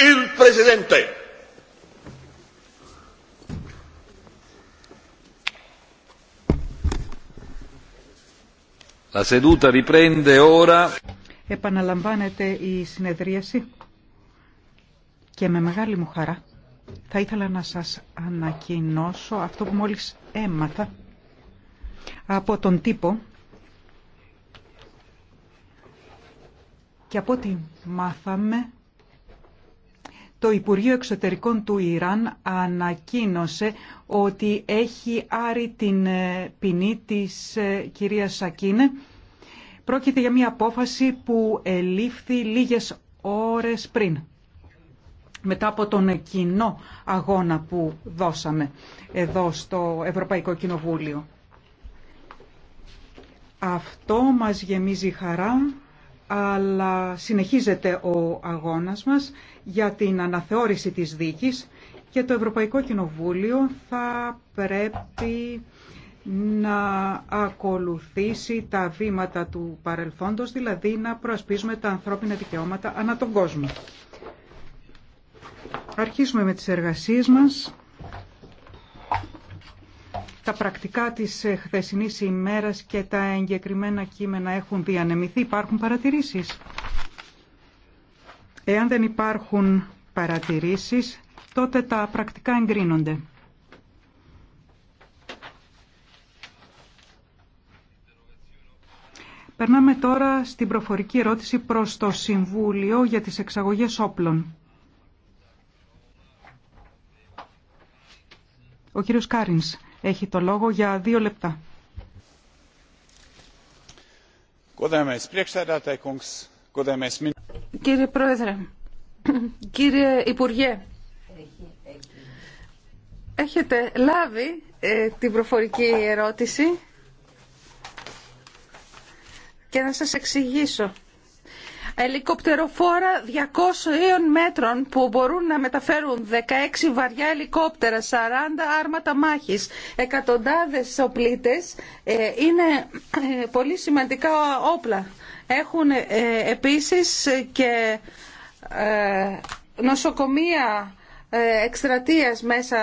il Presidente. La seduta riprende ora. Επαναλαμβάνεται η συνεδρίαση και με μεγάλη μου χαρά θα ήθελα να σας ανακοινώσω αυτό που μόλις έμαθα από τον τύπο και από ό,τι μάθαμε το Υπουργείο Εξωτερικών του Ιράν ανακοίνωσε ότι έχει άρει την ε, ποινή της ε, κυρίας Σακίνε. Πρόκειται για μια απόφαση που ελήφθη λίγες ώρες πριν μετά από τον κοινό αγώνα που δώσαμε εδώ στο Ευρωπαϊκό Κοινοβούλιο. Αυτό μας γεμίζει χαρά αλλά συνεχίζεται ο αγώνας μας για την αναθεώρηση της δίκης και το Ευρωπαϊκό Κοινοβούλιο θα πρέπει να ακολουθήσει τα βήματα του παρελθόντος, δηλαδή να προασπίζουμε τα ανθρώπινα δικαιώματα ανά τον κόσμο. Αρχίσουμε με τις εργασίες μας τα πρακτικά της ε, χθεσινής ημέρας και τα εγκεκριμένα κείμενα έχουν διανεμηθεί. Υπάρχουν παρατηρήσεις. Εάν δεν υπάρχουν παρατηρήσεις, τότε τα πρακτικά εγκρίνονται. Περνάμε τώρα στην προφορική ερώτηση προς το Συμβούλιο για τις εξαγωγές όπλων. Ο κύριος Κάρινς έχει το λόγο για δύο λεπτά. Κύριε Πρόεδρε, κύριε Υπουργέ, έχετε λάβει ε, την προφορική ερώτηση και να σας εξηγήσω ελικοπτεροφόρα 200 μέτρων που μπορούν να μεταφέρουν 16 βαριά ελικόπτερα, 40 άρματα μάχης, εκατοντάδες οπλίτες. Ε, είναι ε, πολύ σημαντικά όπλα. Έχουν ε, επίσης και νοσοκομεία ε, εκστρατεία μέσα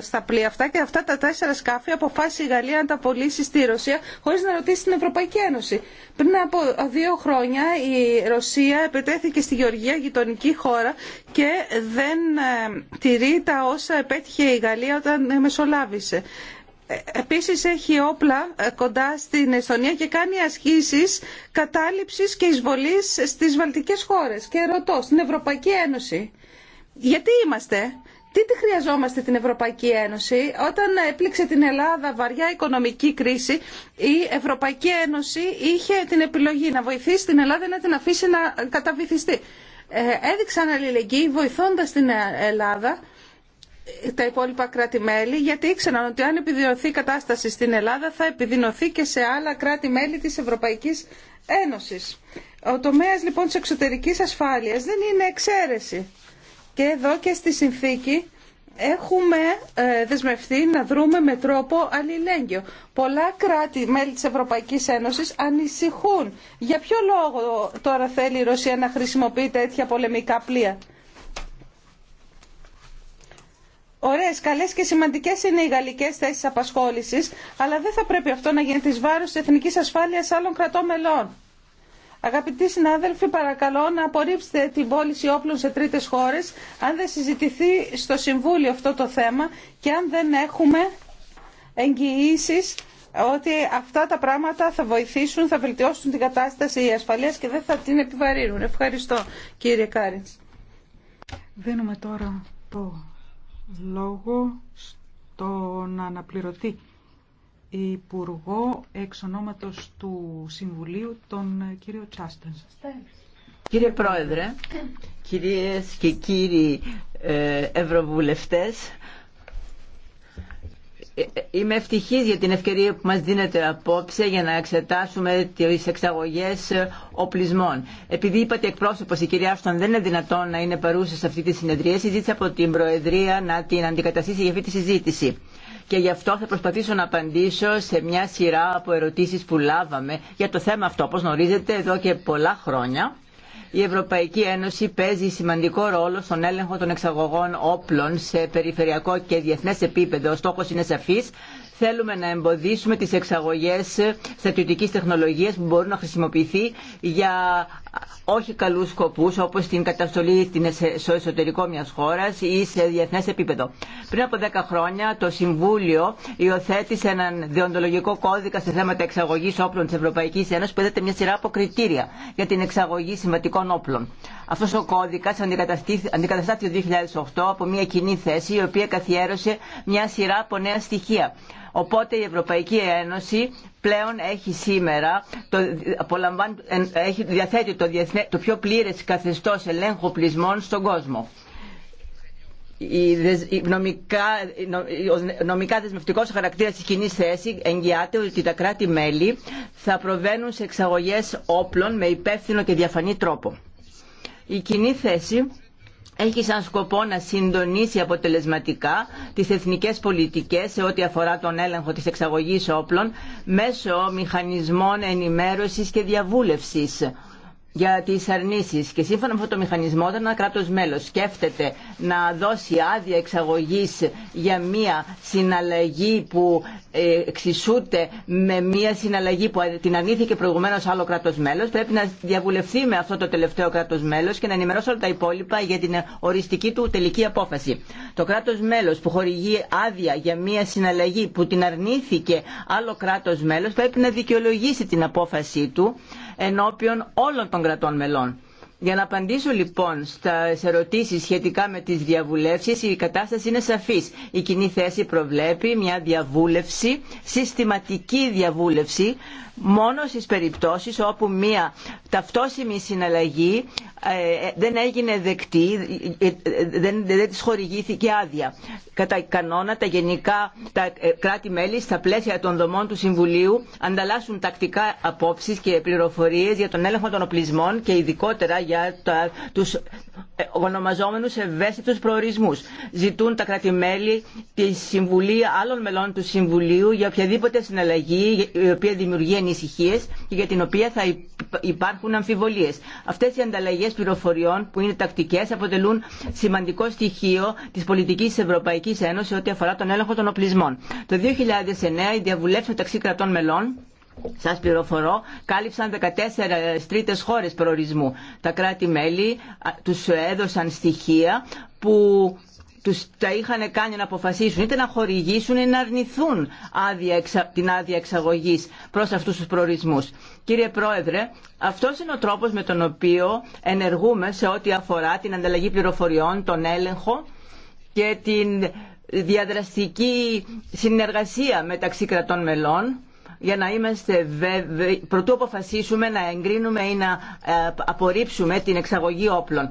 στα πλοία αυτά και αυτά τα τέσσερα σκάφη αποφάσισε η Γαλλία να τα πωλήσει στη Ρωσία χωρίς να ρωτήσει την Ευρωπαϊκή Ένωση. Πριν από δύο χρόνια η Ρωσία επετέθηκε στη Γεωργία, γειτονική χώρα και δεν ε, τηρεί τα όσα επέτυχε η Γαλλία όταν μεσολάβησε. Ε, επίσης έχει όπλα κοντά στην Εστονία και κάνει ασκήσεις κατάληψης και εισβολής στις βαλτικές χώρες. Και ρωτώ, στην Ευρωπαϊκή Ένωση γιατί είμαστε, τι τη χρειαζόμαστε την Ευρωπαϊκή Ένωση όταν έπληξε την Ελλάδα βαριά οικονομική κρίση η Ευρωπαϊκή Ένωση είχε την επιλογή να βοηθήσει την Ελλάδα ή να την αφήσει να καταβυθιστεί. Ε, έδειξαν αλληλεγγύη βοηθώντας την Ελλάδα τα υπόλοιπα κράτη-μέλη, γιατί ήξεραν ότι αν επιδεινωθεί η κατάσταση στην Ελλάδα θα επιδεινωθεί και σε άλλα κράτη-μέλη της Ευρωπαϊκής Ένωσης. Ο τομέας λοιπόν της εξωτερικής ασφάλειας δεν είναι εξαίρεση. Και εδώ και στη συνθήκη έχουμε ε, δεσμευτεί να δρούμε με τρόπο αλληλέγγυο. Πολλά κράτη μέλη της Ευρωπαϊκής Ένωσης ανησυχούν. Για ποιο λόγο τώρα θέλει η Ρωσία να χρησιμοποιεί τέτοια πολεμικά πλοία. Ωραίε, καλέ και σημαντικέ είναι οι γαλλικέ θέσει απασχόληση, αλλά δεν θα πρέπει αυτό να γίνει τη βάρο τη εθνική ασφάλεια άλλων κρατών μελών. Αγαπητοί συνάδελφοι, παρακαλώ να απορρίψετε την πώληση όπλων σε τρίτες χώρες αν δεν συζητηθεί στο Συμβούλιο αυτό το θέμα και αν δεν έχουμε εγγυήσει ότι αυτά τα πράγματα θα βοηθήσουν, θα βελτιώσουν την κατάσταση ασφαλείας και δεν θα την επιβαρύνουν. Ευχαριστώ κύριε Κάριντς. Δίνουμε τώρα το λόγο στον αναπληρωτή Υπουργό εξ ονόματος του Συμβουλίου, τον κύριο Τσάστεν. Κύριε Πρόεδρε, κυρίες και κύριοι ε, Ευρωβουλευτές, ε, Είμαι ευτυχής για την ευκαιρία που μας δίνεται απόψε για να εξετάσουμε τις εξαγωγές οπλισμών. Επειδή είπατε εκπρόσωπος η κυρία Άστον δεν είναι δυνατόν να είναι παρούσα σε αυτή τη συνεδρία, συζήτησα από την Προεδρία να την αντικαταστήσει για αυτή τη συζήτηση και γι' αυτό θα προσπαθήσω να απαντήσω σε μια σειρά από ερωτήσεις που λάβαμε για το θέμα αυτό. Όπως γνωρίζετε εδώ και πολλά χρόνια η Ευρωπαϊκή Ένωση παίζει σημαντικό ρόλο στον έλεγχο των εξαγωγών όπλων σε περιφερειακό και διεθνές επίπεδο. Ο στόχος είναι σαφής, Θέλουμε να εμποδίσουμε τις εξαγωγές στρατιωτικής τεχνολογίας που μπορούν να χρησιμοποιηθεί για όχι καλούς σκοπούς όπως την καταστολή στο εσωτερικό μιας χώρας ή σε διεθνές επίπεδο. Πριν από 10 χρόνια το Συμβούλιο υιοθέτησε έναν διοντολογικό κώδικα σε θέματα εξαγωγής όπλων της Ευρωπαϊκής Ένωσης που έδεται μια σειρά από κριτήρια για την εξαγωγή σημαντικών όπλων. Αυτός ο κώδικας αντικαταστάθηκε το 2008 από μια κοινή θέση η οποία καθιέρωσε μια σειρά από νέα στοιχεία Οπότε η Ευρωπαϊκή Ένωση πλέον έχει σήμερα, το, έχει, διαθέτει το, το πιο πλήρες καθεστώς ελέγχου πλεισμών στον κόσμο. Η, νομικά, ο νομικά δεσμευτικό χαρακτήρα τη κοινή θέση εγγυάται ότι τα κράτη-μέλη θα προβαίνουν σε εξαγωγέ όπλων με υπεύθυνο και διαφανή τρόπο. Η κοινή θέση έχει σαν σκοπό να συντονίσει αποτελεσματικά τις εθνικές πολιτικές σε ό,τι αφορά τον έλεγχο της εξαγωγής όπλων μέσω μηχανισμών ενημέρωσης και διαβούλευσης για τι αρνήσει. και σύμφωνα με αυτό το μηχανισμό όταν ένα κράτο μέλο σκέφτεται να δώσει άδεια εξαγωγή για μία συναλλαγή που ε, εξισούται με μία συναλλαγή που την αρνήθηκε προηγουμένω άλλο κράτο μέλο, πρέπει να διαβουλευτεί με αυτό το τελευταίο κράτο μέλο και να ενημερώσει όλα τα υπόλοιπα για την οριστική του τελική απόφαση. Το κράτο μέλο που χορηγεί άδεια για μία συναλλαγή που την αρνήθηκε άλλο κράτο μέλο, πρέπει να δικαιολογήσει την απόφασή του ενώπιον όλων των κρατών μελών. Για να απαντήσω λοιπόν στα ερωτήσεις σχετικά με τις διαβουλεύσεις, η κατάσταση είναι σαφής. Η κοινή θέση προβλέπει μια διαβούλευση, συστηματική διαβούλευση, μόνο στις περιπτώσεις όπου μια ταυτόσιμη συναλλαγή ε, ε, δεν έγινε δεκτή, ε, δεν, δεν της χορηγήθηκε άδεια. Κατά κανόνα τα γενικά τα κράτη-μέλη στα πλαίσια των δομών του Συμβουλίου ανταλλάσσουν τακτικά απόψεις και πληροφορίες για τον έλεγχο των οπλισμών και ειδικότερα για τα, τους ε, ονομαζόμενους ευαίσθητους προορισμούς. Ζητούν τα κράτη-μέλη τη Συμβουλή άλλων μελών του Συμβουλίου για οποιαδήποτε συναλλαγή η οποία δημιουργεί ανησυχίε και για την οποία θα υπάρχουν αμφιβολίες. Αυτές οι ανταλλαγές πληροφοριών που είναι τακτικές αποτελούν σημαντικό στοιχείο της πολιτικής της Ευρωπαϊκής Ένωσης ό,τι αφορά τον έλεγχο των οπλισμών. Το 2009 η διαβουλεύση μεταξύ κρατών μελών σας πληροφορώ, κάλυψαν 14 τρίτε χώρες προορισμού. Τα κράτη-μέλη του έδωσαν στοιχεία που τους τα είχαν κάνει να αποφασίσουν είτε να χορηγήσουν ή να αρνηθούν άδεια, την άδεια εξαγωγής προς αυτούς τους προορισμούς. Κύριε Πρόεδρε, αυτός είναι ο τρόπος με τον οποίο ενεργούμε σε ό,τι αφορά την ανταλλαγή πληροφοριών, τον έλεγχο και την διαδραστική συνεργασία μεταξύ κρατών μελών για να είμαστε βέβαιοι, πρωτού αποφασίσουμε να εγκρίνουμε ή να ε, απορρίψουμε την εξαγωγή όπλων.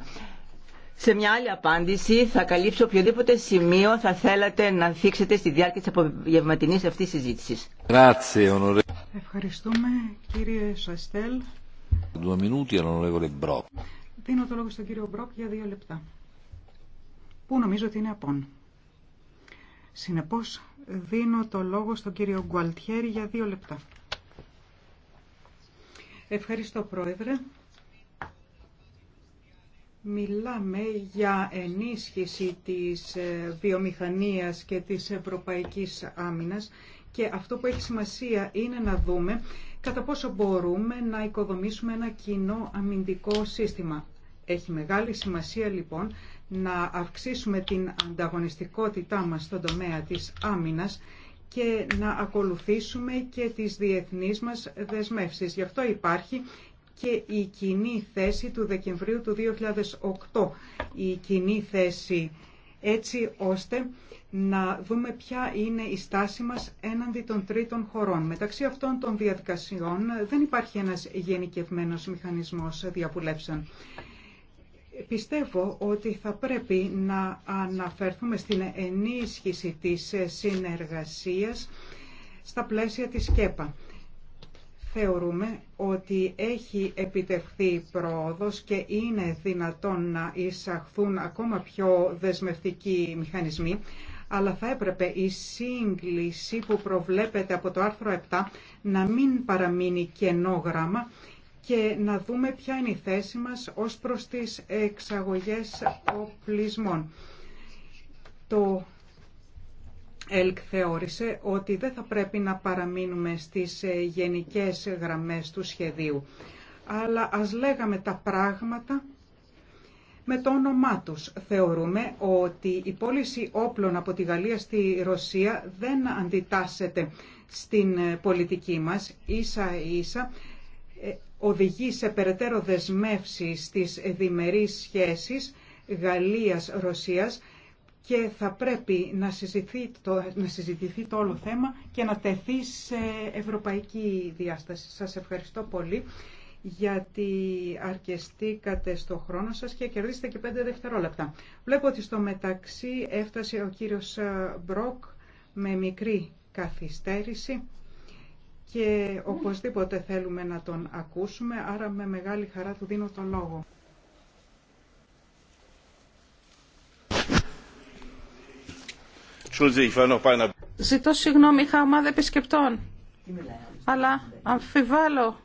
Σε μια άλλη απάντηση θα καλύψω οποιοδήποτε σημείο θα θέλατε να θίξετε στη διάρκεια της απογευματινής αυτής Grazie, συζήτησης. Ευχαριστούμε κύριε Σαστέλ. Δίνω το λόγο στον κύριο Μπρόκ για δύο λεπτά. Που νομίζω ότι είναι απόν. Συνεπώς δίνω το λόγο στον κύριο Γκουαλτιέρη για δύο λεπτά. Ευχαριστώ Πρόεδρε. Μιλάμε για ενίσχυση της ε, βιομηχανίας και της ευρωπαϊκής άμυνας και αυτό που έχει σημασία είναι να δούμε κατά πόσο μπορούμε να οικοδομήσουμε ένα κοινό αμυντικό σύστημα. Έχει μεγάλη σημασία λοιπόν να αυξήσουμε την ανταγωνιστικότητά μας στον τομέα της άμυνας και να ακολουθήσουμε και τις διεθνείς μας δεσμεύσεις. Γι' αυτό υπάρχει και η κοινή θέση του Δεκεμβρίου του 2008, η κοινή θέση έτσι ώστε να δούμε ποια είναι η στάση μας έναντι των τρίτων χωρών. Μεταξύ αυτών των διαδικασιών δεν υπάρχει ένας γενικευμένος μηχανισμός διαβουλεύσεων. Πιστεύω ότι θα πρέπει να αναφερθούμε στην ενίσχυση της συνεργασίας στα πλαίσια της ΚΕΠΑ. Θεωρούμε ότι έχει επιτευχθεί πρόοδος και είναι δυνατόν να εισαχθούν ακόμα πιο δεσμευτικοί μηχανισμοί, αλλά θα έπρεπε η σύγκληση που προβλέπεται από το άρθρο 7 να μην παραμείνει κενό γράμμα και να δούμε ποια είναι η θέση μας ως προς τις εξαγωγές οπλισμών. Το ΕΛΚ θεώρησε ότι δεν θα πρέπει να παραμείνουμε στις γενικές γραμμές του σχεδίου, αλλά ας λέγαμε τα πράγματα με το όνομά τους. Θεωρούμε ότι η πώληση όπλων από τη Γαλλία στη Ρωσία δεν αντιτάσσεται στην πολιτική μας, ίσα ίσα οδηγεί σε περαιτέρω δεσμεύσει στις διμερείς σχέσεις Γαλλίας-Ρωσίας και θα πρέπει να συζητηθεί, το, να το όλο θέμα και να τεθεί σε ευρωπαϊκή διάσταση. Σας ευχαριστώ πολύ γιατί αρκεστήκατε στο χρόνο σας και κερδίσετε και πέντε δευτερόλεπτα. Βλέπω ότι στο μεταξύ έφτασε ο κύριος Μπροκ με μικρή καθυστέρηση και οπωσδήποτε θέλουμε να τον ακούσουμε, άρα με μεγάλη χαρά του δίνω τον λόγο. Ζητώ συγγνώμη, είχα ομάδα επισκεπτών, αλλά αμφιβάλλω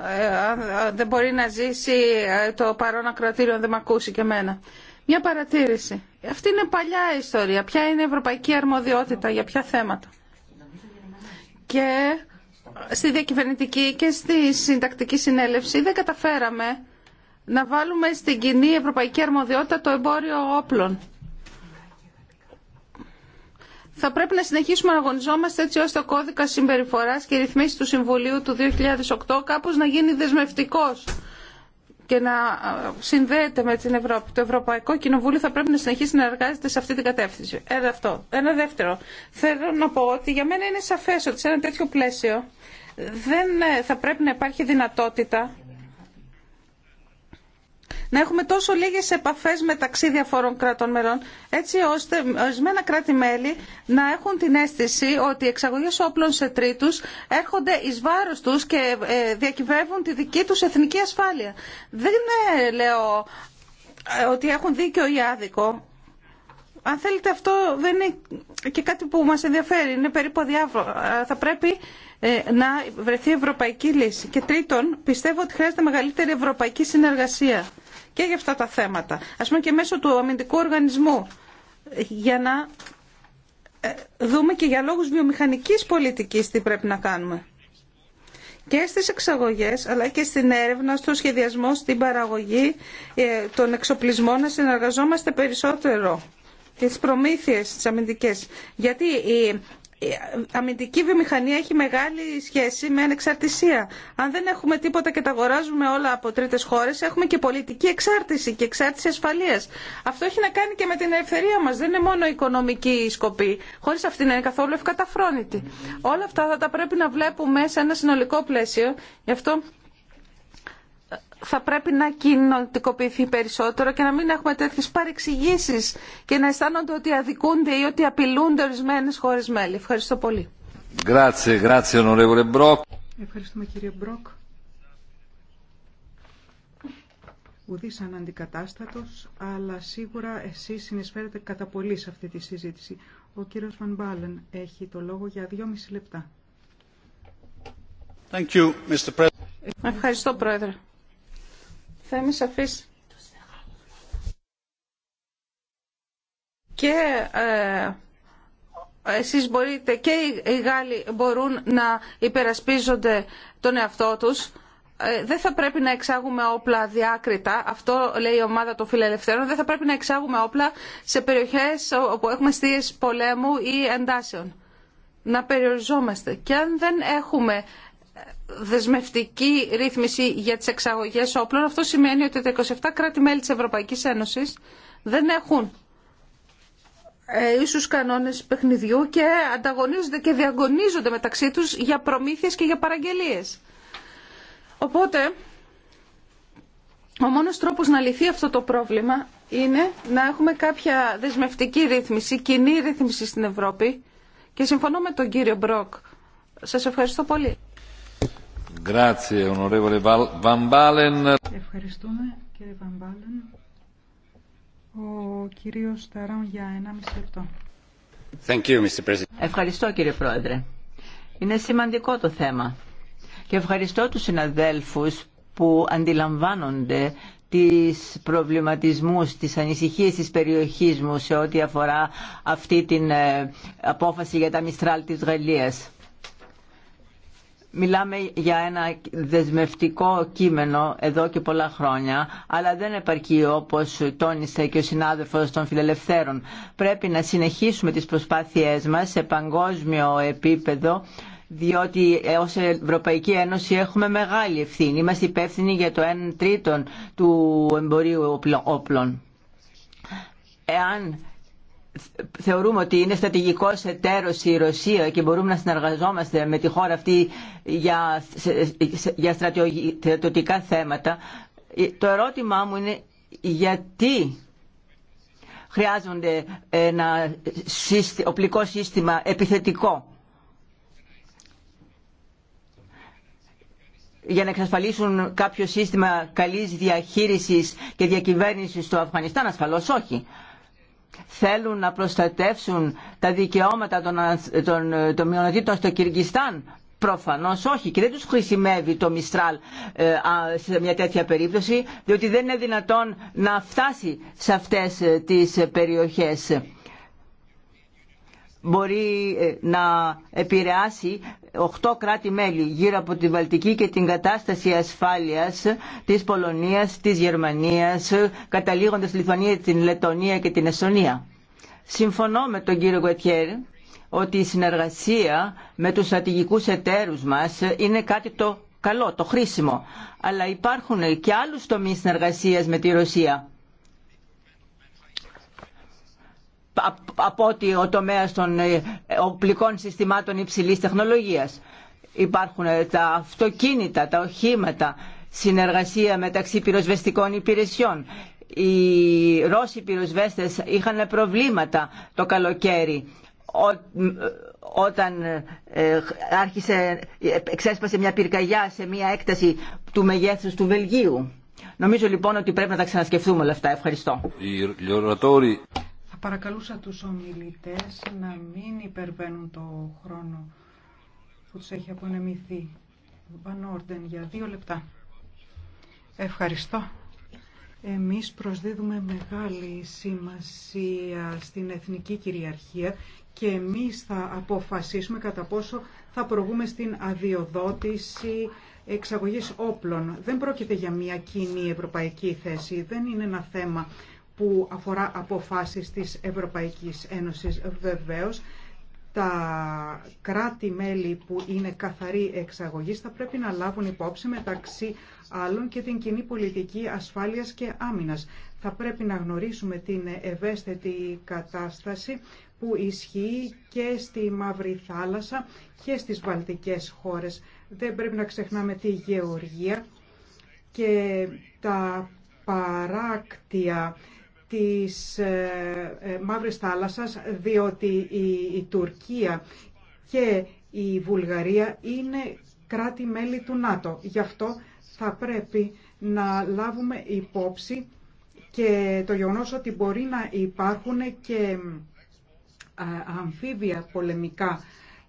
ε, δεν μπορεί να ζήσει ε, το παρόν ακροατήριο αν δεν με ακούσει και εμένα. Μια παρατήρηση. Αυτή είναι παλιά ιστορία. Ποια είναι η ευρωπαϊκή αρμοδιότητα, για ποια θέματα και στη διακυβερνητική και στη συντακτική συνέλευση δεν καταφέραμε να βάλουμε στην κοινή ευρωπαϊκή αρμοδιότητα το εμπόριο όπλων. Θα πρέπει να συνεχίσουμε να αγωνιζόμαστε έτσι ώστε ο κώδικα συμπεριφορά και ρυθμίσει του Συμβουλίου του 2008 κάπω να γίνει δεσμευτικός και να συνδέεται με την Ευρώπη. Το Ευρωπαϊκό Κοινοβούλιο θα πρέπει να συνεχίσει να εργάζεται σε αυτή την κατεύθυνση. Ένα αυτό. Ένα δεύτερο. Θέλω να πω ότι για μένα είναι σαφές ότι σε ένα τέτοιο πλαίσιο δεν ε, θα πρέπει να υπάρχει δυνατότητα να έχουμε τόσο λίγες επαφές μεταξύ διαφόρων κρατών μελών, έτσι ώστε ορισμένα κράτη-μέλη να έχουν την αίσθηση ότι οι εξαγωγές όπλων σε τρίτους έρχονται εις βάρος τους και ε, διακυβεύουν τη δική τους εθνική ασφάλεια. Δεν ε, λέω ε, ότι έχουν δίκιο ή άδικο. Αν θέλετε αυτό δεν είναι και κάτι που μας ενδιαφέρει, είναι περίπου αδιάφορο. Θα πρέπει ε, να βρεθεί ευρωπαϊκή λύση. Και τρίτον, πιστεύω ότι χρειάζεται μεγαλύτερη ευρωπαϊκή συνεργασία και για αυτά τα θέματα. Ας πούμε και μέσω του αμυντικού οργανισμού για να ε, δούμε και για λόγους βιομηχανικής πολιτικής τι πρέπει να κάνουμε. Και στις εξαγωγές αλλά και στην έρευνα, στο σχεδιασμό, στην παραγωγή ε, των εξοπλισμών να συνεργαζόμαστε περισσότερο και προμήθειες τις αμυντικές. Γιατί η αμυντική βιομηχανία έχει μεγάλη σχέση με ανεξαρτησία. Αν δεν έχουμε τίποτα και τα αγοράζουμε όλα από τρίτε χώρε, έχουμε και πολιτική εξάρτηση και εξάρτηση ασφαλεία. Αυτό έχει να κάνει και με την ελευθερία μα. Δεν είναι μόνο οικονομική σκοπή. Χωρί αυτή να είναι καθόλου ευκαταφρόνητη. Όλα αυτά θα τα πρέπει να βλέπουμε σε ένα συνολικό πλαίσιο. Γι' αυτό θα πρέπει να κοινωνικοποιηθεί περισσότερο και να μην έχουμε τέτοιες παρεξηγήσεις και να αισθάνονται ότι αδικούνται ή ότι απειλούνται ορισμένε χώρε μέλη. Ευχαριστώ πολύ. Ευχαριστούμε κύριε Μπροκ. Ουδής αναντικατάστατος, αλλά σίγουρα εσείς συνεισφέρετε κατά πολύ σε αυτή τη συζήτηση. Ο κύριος Βαν Μπάλεν έχει το λόγο για δυόμιση λεπτά. Thank you, Mr. Ευχαριστώ, Πρόεδρε. Θα είμαι σαφής. Και ε, εσείς μπορείτε και οι Γάλλοι μπορούν να υπερασπίζονται τον εαυτό τους. Ε, δεν θα πρέπει να εξάγουμε όπλα διάκριτα, αυτό λέει η ομάδα των φιλελευθέρων, δεν θα πρέπει να εξάγουμε όπλα σε περιοχές όπου έχουμε στίες πολέμου ή εντάσεων. Να περιοριζόμαστε. Και αν δεν έχουμε δεσμευτική ρύθμιση για τις εξαγωγές όπλων. Αυτό σημαίνει ότι τα 27 κράτη-μέλη της Ευρωπαϊκής Ένωσης δεν έχουν ε, ίσους κανόνες παιχνιδιού και ανταγωνίζονται και διαγωνίζονται μεταξύ τους για προμήθειες και για παραγγελίες. Οπότε, ο μόνος τρόπος να λυθεί αυτό το πρόβλημα είναι να έχουμε κάποια δεσμευτική ρύθμιση, κοινή ρύθμιση στην Ευρώπη και συμφωνώ με τον κύριο Μπροκ. Σας ευχαριστώ πολύ. Ευχαριστούμε κύριε Ο κύριος Ευχαριστώ κύριε Πρόεδρε. Είναι σημαντικό το θέμα και ευχαριστώ τους συναδέλφους που αντιλαμβάνονται τις προβληματισμούς, τις ανησυχίες της περιοχής μου σε ό,τι αφορά αυτή την ε, απόφαση για τα Μιστράλ της Γαλλίας. Μιλάμε για ένα δεσμευτικό κείμενο εδώ και πολλά χρόνια, αλλά δεν επαρκεί όπως τόνισε και ο συνάδελφος των φιλελευθέρων. Πρέπει να συνεχίσουμε τις προσπάθειές μας σε παγκόσμιο επίπεδο, διότι ως Ευρωπαϊκή Ένωση έχουμε μεγάλη ευθύνη. Είμαστε υπεύθυνοι για το 1 τρίτο του εμπορίου όπλων. Εάν θεωρούμε ότι είναι στρατηγικό εταίρος η Ρωσία και μπορούμε να συνεργαζόμαστε με τη χώρα αυτή για, για στρατιωτικά θέματα. Το ερώτημά μου είναι γιατί χρειάζονται ένα οπλικό σύστημα επιθετικό για να εξασφαλίσουν κάποιο σύστημα καλής διαχείρισης και διακυβέρνησης στο Αφγανιστάν. Ασφαλώς όχι θέλουν να προστατεύσουν τα δικαιώματα των, των, των μειονοτήτων στο Κυργιστάν. Προφανώς όχι και δεν τους χρησιμεύει το Μιστράλ ε, σε μια τέτοια περίπτωση διότι δεν είναι δυνατόν να φτάσει σε αυτές ε, τις περιοχές μπορεί ε, να επηρεάσει 8 κράτη-μέλη γύρω από τη Βαλτική και την κατάσταση ασφάλειας της Πολωνίας, της Γερμανίας, καταλήγοντας τη Λιθουανία, την Λετωνία και την Εστονία. Συμφωνώ με τον κύριο Γκουετιέρη ότι η συνεργασία με τους στρατηγικούς εταίρους μας είναι κάτι το καλό, το χρήσιμο. Αλλά υπάρχουν και άλλους τομείς συνεργασίας με τη Ρωσία από ότι ο τομέας των ε, οπλικών συστημάτων υψηλής τεχνολογίας. Υπάρχουν ε, τα αυτοκίνητα, τα οχήματα, συνεργασία μεταξύ πυροσβεστικών υπηρεσιών. Οι Ρώσοι πυροσβέστες είχαν προβλήματα το καλοκαίρι ε, όταν άρχισε, εξέσπασε μια πυρκαγιά σε μια έκταση του μεγέθους του Βελγίου. Νομίζω λοιπόν ότι πρέπει να τα ξανασκεφτούμε όλα αυτά. Ευχαριστώ. Παρακαλούσα τους ομιλητές να μην υπερβαίνουν το χρόνο που τους έχει απονεμηθεί. Βαν για δύο λεπτά. Ευχαριστώ. Εμείς προσδίδουμε μεγάλη σημασία στην εθνική κυριαρχία και εμείς θα αποφασίσουμε κατά πόσο θα προβούμε στην αδειοδότηση εξαγωγής όπλων. Δεν πρόκειται για μια κοινή ευρωπαϊκή θέση, δεν είναι ένα θέμα που αφορά αποφάσεις της Ευρωπαϊκής Ένωσης βεβαίως τα κράτη-μέλη που είναι καθαροί εξαγωγή θα πρέπει να λάβουν υπόψη μεταξύ άλλων και την κοινή πολιτική ασφάλειας και άμυνας. Θα πρέπει να γνωρίσουμε την ευαίσθητη κατάσταση που ισχύει και στη Μαύρη Θάλασσα και στις Βαλτικές χώρες. Δεν πρέπει να ξεχνάμε τη γεωργία και τα παράκτια της ε, ε, Μαύρης Θάλασσας, διότι η Τουρκία και η Βουλγαρία είναι κράτη-μέλη του ΝΑΤΟ. Γι' αυτό θα πρέπει να λάβουμε υπόψη και το γεγονός ότι μπορεί να υπάρχουν και ε, αμφίβια πολεμικά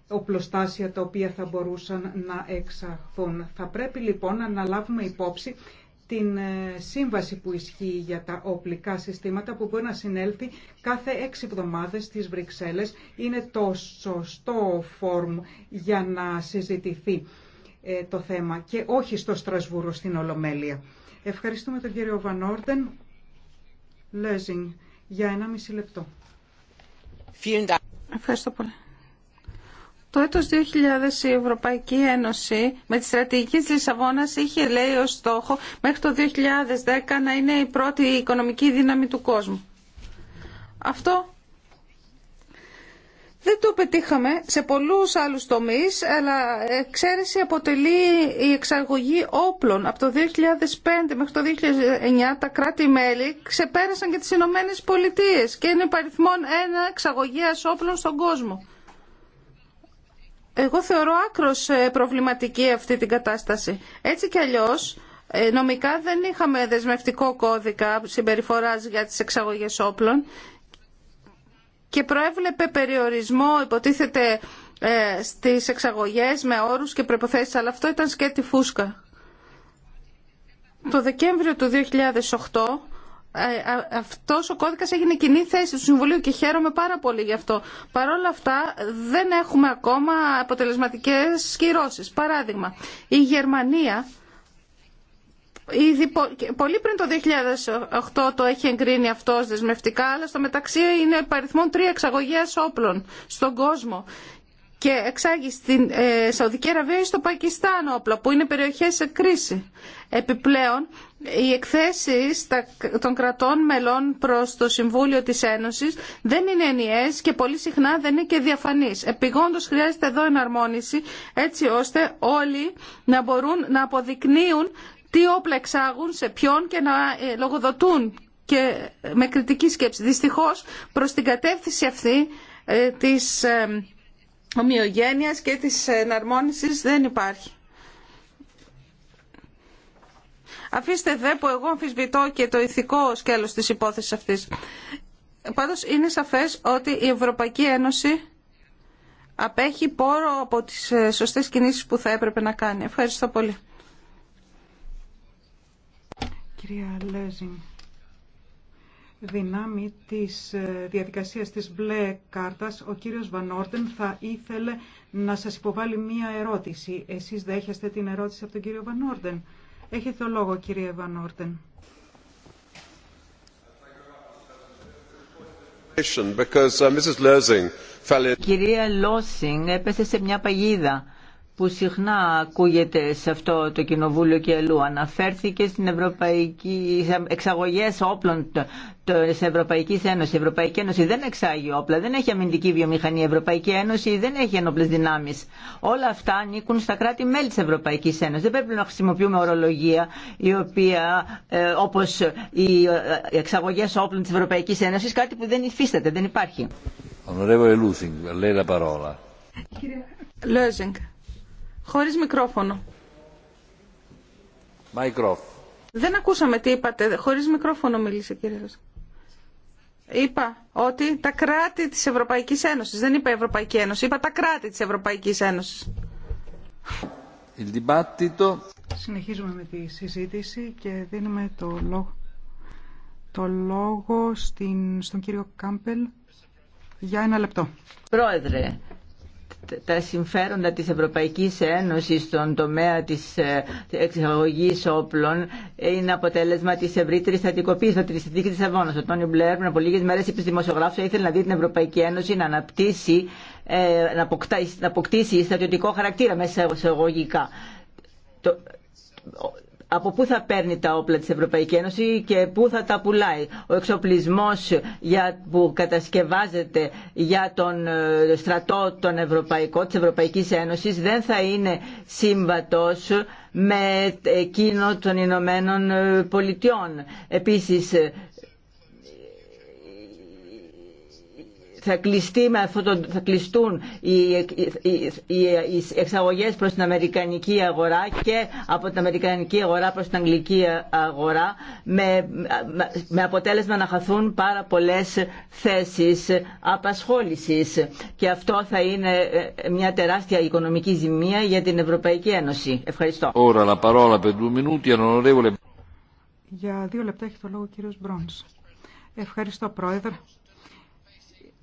οπλοστάσια τα οποία θα μπορούσαν να εξαχθούν. Θα πρέπει λοιπόν να λάβουμε υπόψη την ε, σύμβαση που ισχύει για τα οπλικά συστήματα που μπορεί να συνέλθει κάθε έξι εβδομάδες στις Βρυξέλλες. Είναι το σωστό φόρμ για να συζητηθεί ε, το θέμα και όχι στο Στρασβούρο στην Ολομέλεια. Ευχαριστούμε τον κύριο Βανόρντεν. Λέζινγκ για ένα μισή λεπτό. Ευχαριστώ πολύ. Το έτος 2000 η Ευρωπαϊκή Ένωση με τη στρατηγική της Λισαβόνας είχε λέει ως στόχο μέχρι το 2010 να είναι η πρώτη οικονομική δύναμη του κόσμου. Αυτό δεν το πετύχαμε σε πολλούς άλλους τομείς, αλλά εξαίρεση αποτελεί η εξαγωγή όπλων. Από το 2005 μέχρι το 2009 τα κράτη-μέλη ξεπέρασαν και τις Ηνωμένε Πολιτείες και είναι παριθμόν ένα εξαγωγέας όπλων στον κόσμο. Εγώ θεωρώ άκρος ε, προβληματική αυτή την κατάσταση. Έτσι κι αλλιώς ε, νομικά δεν είχαμε δεσμευτικό κώδικα συμπεριφοράς για τις εξαγωγές όπλων και προέβλεπε περιορισμό υποτίθεται ε, στις εξαγωγές με όρους και προϋποθέσεις αλλά αυτό ήταν σκέτη φούσκα. Το Δεκέμβριο του 2008 ε, αυτός ο κώδικας έγινε κοινή θέση του Συμβουλίου και χαίρομαι πάρα πολύ γι' αυτό. Παρ' όλα αυτά δεν έχουμε ακόμα αποτελεσματικές σκυρώσεις. Παράδειγμα, η Γερμανία ήδη πολύ πριν το 2008 το έχει εγκρίνει αυτός δεσμευτικά, αλλά στο μεταξύ είναι παριθμόν τρία εξαγωγές όπλων στον κόσμο και εξάγει στην ε, Σαουδική Αραβία ή στο Πακιστάν όπλα που είναι περιοχές σε κρίση. Επιπλέον οι εκθέσεις των κρατών μελών προς το Συμβούλιο της Ένωσης δεν είναι ενιαίες και πολύ συχνά δεν είναι και διαφανείς. Επιγόντως χρειάζεται εδώ εναρμόνιση έτσι ώστε όλοι να μπορούν να αποδεικνύουν τι όπλα εξάγουν, σε ποιον και να ε, λογοδοτούν και ε, με κριτική σκέψη. Δυστυχώς προς την κατεύθυνση αυτή ε, της ομοιογένειας και της εναρμόνισης δεν υπάρχει. Αφήστε δε που εγώ αμφισβητώ και το ηθικό σκέλος της υπόθεσης αυτής. Πάντως είναι σαφές ότι η Ευρωπαϊκή Ένωση απέχει πόρο από τις ε, σωστές κινήσεις που θα έπρεπε να κάνει. Ευχαριστώ πολύ. Κυρία Λέζιν, δυνάμει της ε, διαδικασίας της μπλε κάρτας, ο κύριος Βανόρτεν θα ήθελε να σας υποβάλει μία ερώτηση. Εσείς δέχεστε την ερώτηση από τον κύριο Βανόρτεν. Έχετε το λόγο κύριε Βανόρτεν. Uh, Κυρία Λόσινγκ έπεσε σε μια παγίδα που συχνά ακούγεται σε αυτό το κοινοβούλιο και αλλού. Αναφέρθηκε στην ευρωπαϊκή, εξαγωγές όπλων τη Ευρωπαϊκή Ένωση, Η Ευρωπαϊκή Ένωση δεν εξάγει όπλα, δεν έχει αμυντική βιομηχανία. Η Ευρωπαϊκή Ένωση δεν έχει ενόπλες δυνάμει. Όλα αυτά ανήκουν στα κράτη-μέλη τη Ευρωπαϊκή Ένωση. Δεν πρέπει να χρησιμοποιούμε ορολογία η οποία, ε, όπως οι ε, εξαγωγέ όπλων τη Ευρωπαϊκή Ένωση κάτι που δεν υφίσταται, δεν υπάρχει. λέει παρόλα. Χωρίς μικρόφωνο. Δεν ακούσαμε τι είπατε. Χωρίς μικρόφωνο μίλησε κύριε Είπα ότι τα κράτη της Ευρωπαϊκής Ένωσης. Δεν είπα Ευρωπαϊκή Ένωση. Είπα τα κράτη της Ευρωπαϊκής Ένωσης. Συνεχίζουμε με τη συζήτηση και δίνουμε το λόγο, το λόγο στον κύριο Κάμπελ για ένα λεπτό. Πρόεδρε, τα συμφέροντα της Ευρωπαϊκής Ένωσης στον τομέα της ε, εξαγωγής όπλων είναι αποτέλεσμα της ευρύτερης στατικοποίησης την συνθήκη της Αβώνας. Ο Τόνι Μπλερ πριν από λίγες μέρες είπε δημοσιογράφος ήθελε να δει την Ευρωπαϊκή Ένωση να αναπτύσσει, ε, να, αποκτήσει, να αποκτήσει στατιωτικό χαρακτήρα μέσα σε από πού θα παίρνει τα όπλα της Ευρωπαϊκή Ένωση και πού θα τα πουλάει. Ο εξοπλισμός για, που κατασκευάζεται για τον ε, στρατό τον Ευρωπαϊκό της Ευρωπαϊκής Ένωσης δεν θα είναι σύμβατος με εκείνο των Ηνωμένων ε, Πολιτειών. Επίσης θα, κλειστεί, θα κλειστούν οι εξαγωγές προς την Αμερικανική αγορά και από την Αμερικανική αγορά προς την Αγγλική αγορά με, με αποτέλεσμα να χαθούν πάρα πολλές θέσεις απασχόλησης και αυτό θα είναι ε, μια τεράστια οικονομική ζημία για την Ευρωπαϊκή Ένωση. Ευχαριστώ. Ώρα, Για δύο λεπτά έχει το λόγο ο κύριος Μπρόνς. Ευχαριστώ πρόεδρε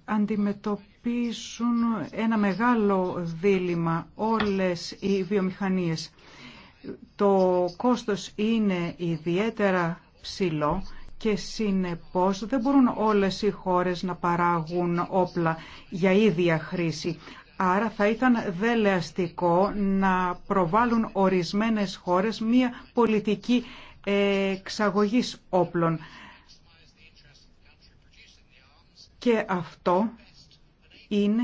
αντιμετωπίζουν ένα μεγάλο δίλημα όλες οι βιομηχανίες. Το κόστος είναι ιδιαίτερα ψηλό και συνεπώς δεν μπορούν όλες οι χώρες να παράγουν όπλα για ίδια χρήση. Άρα θα ήταν δελεαστικό να προβάλλουν ορισμένες χώρες μία πολιτική εξαγωγής όπλων και αυτό είναι,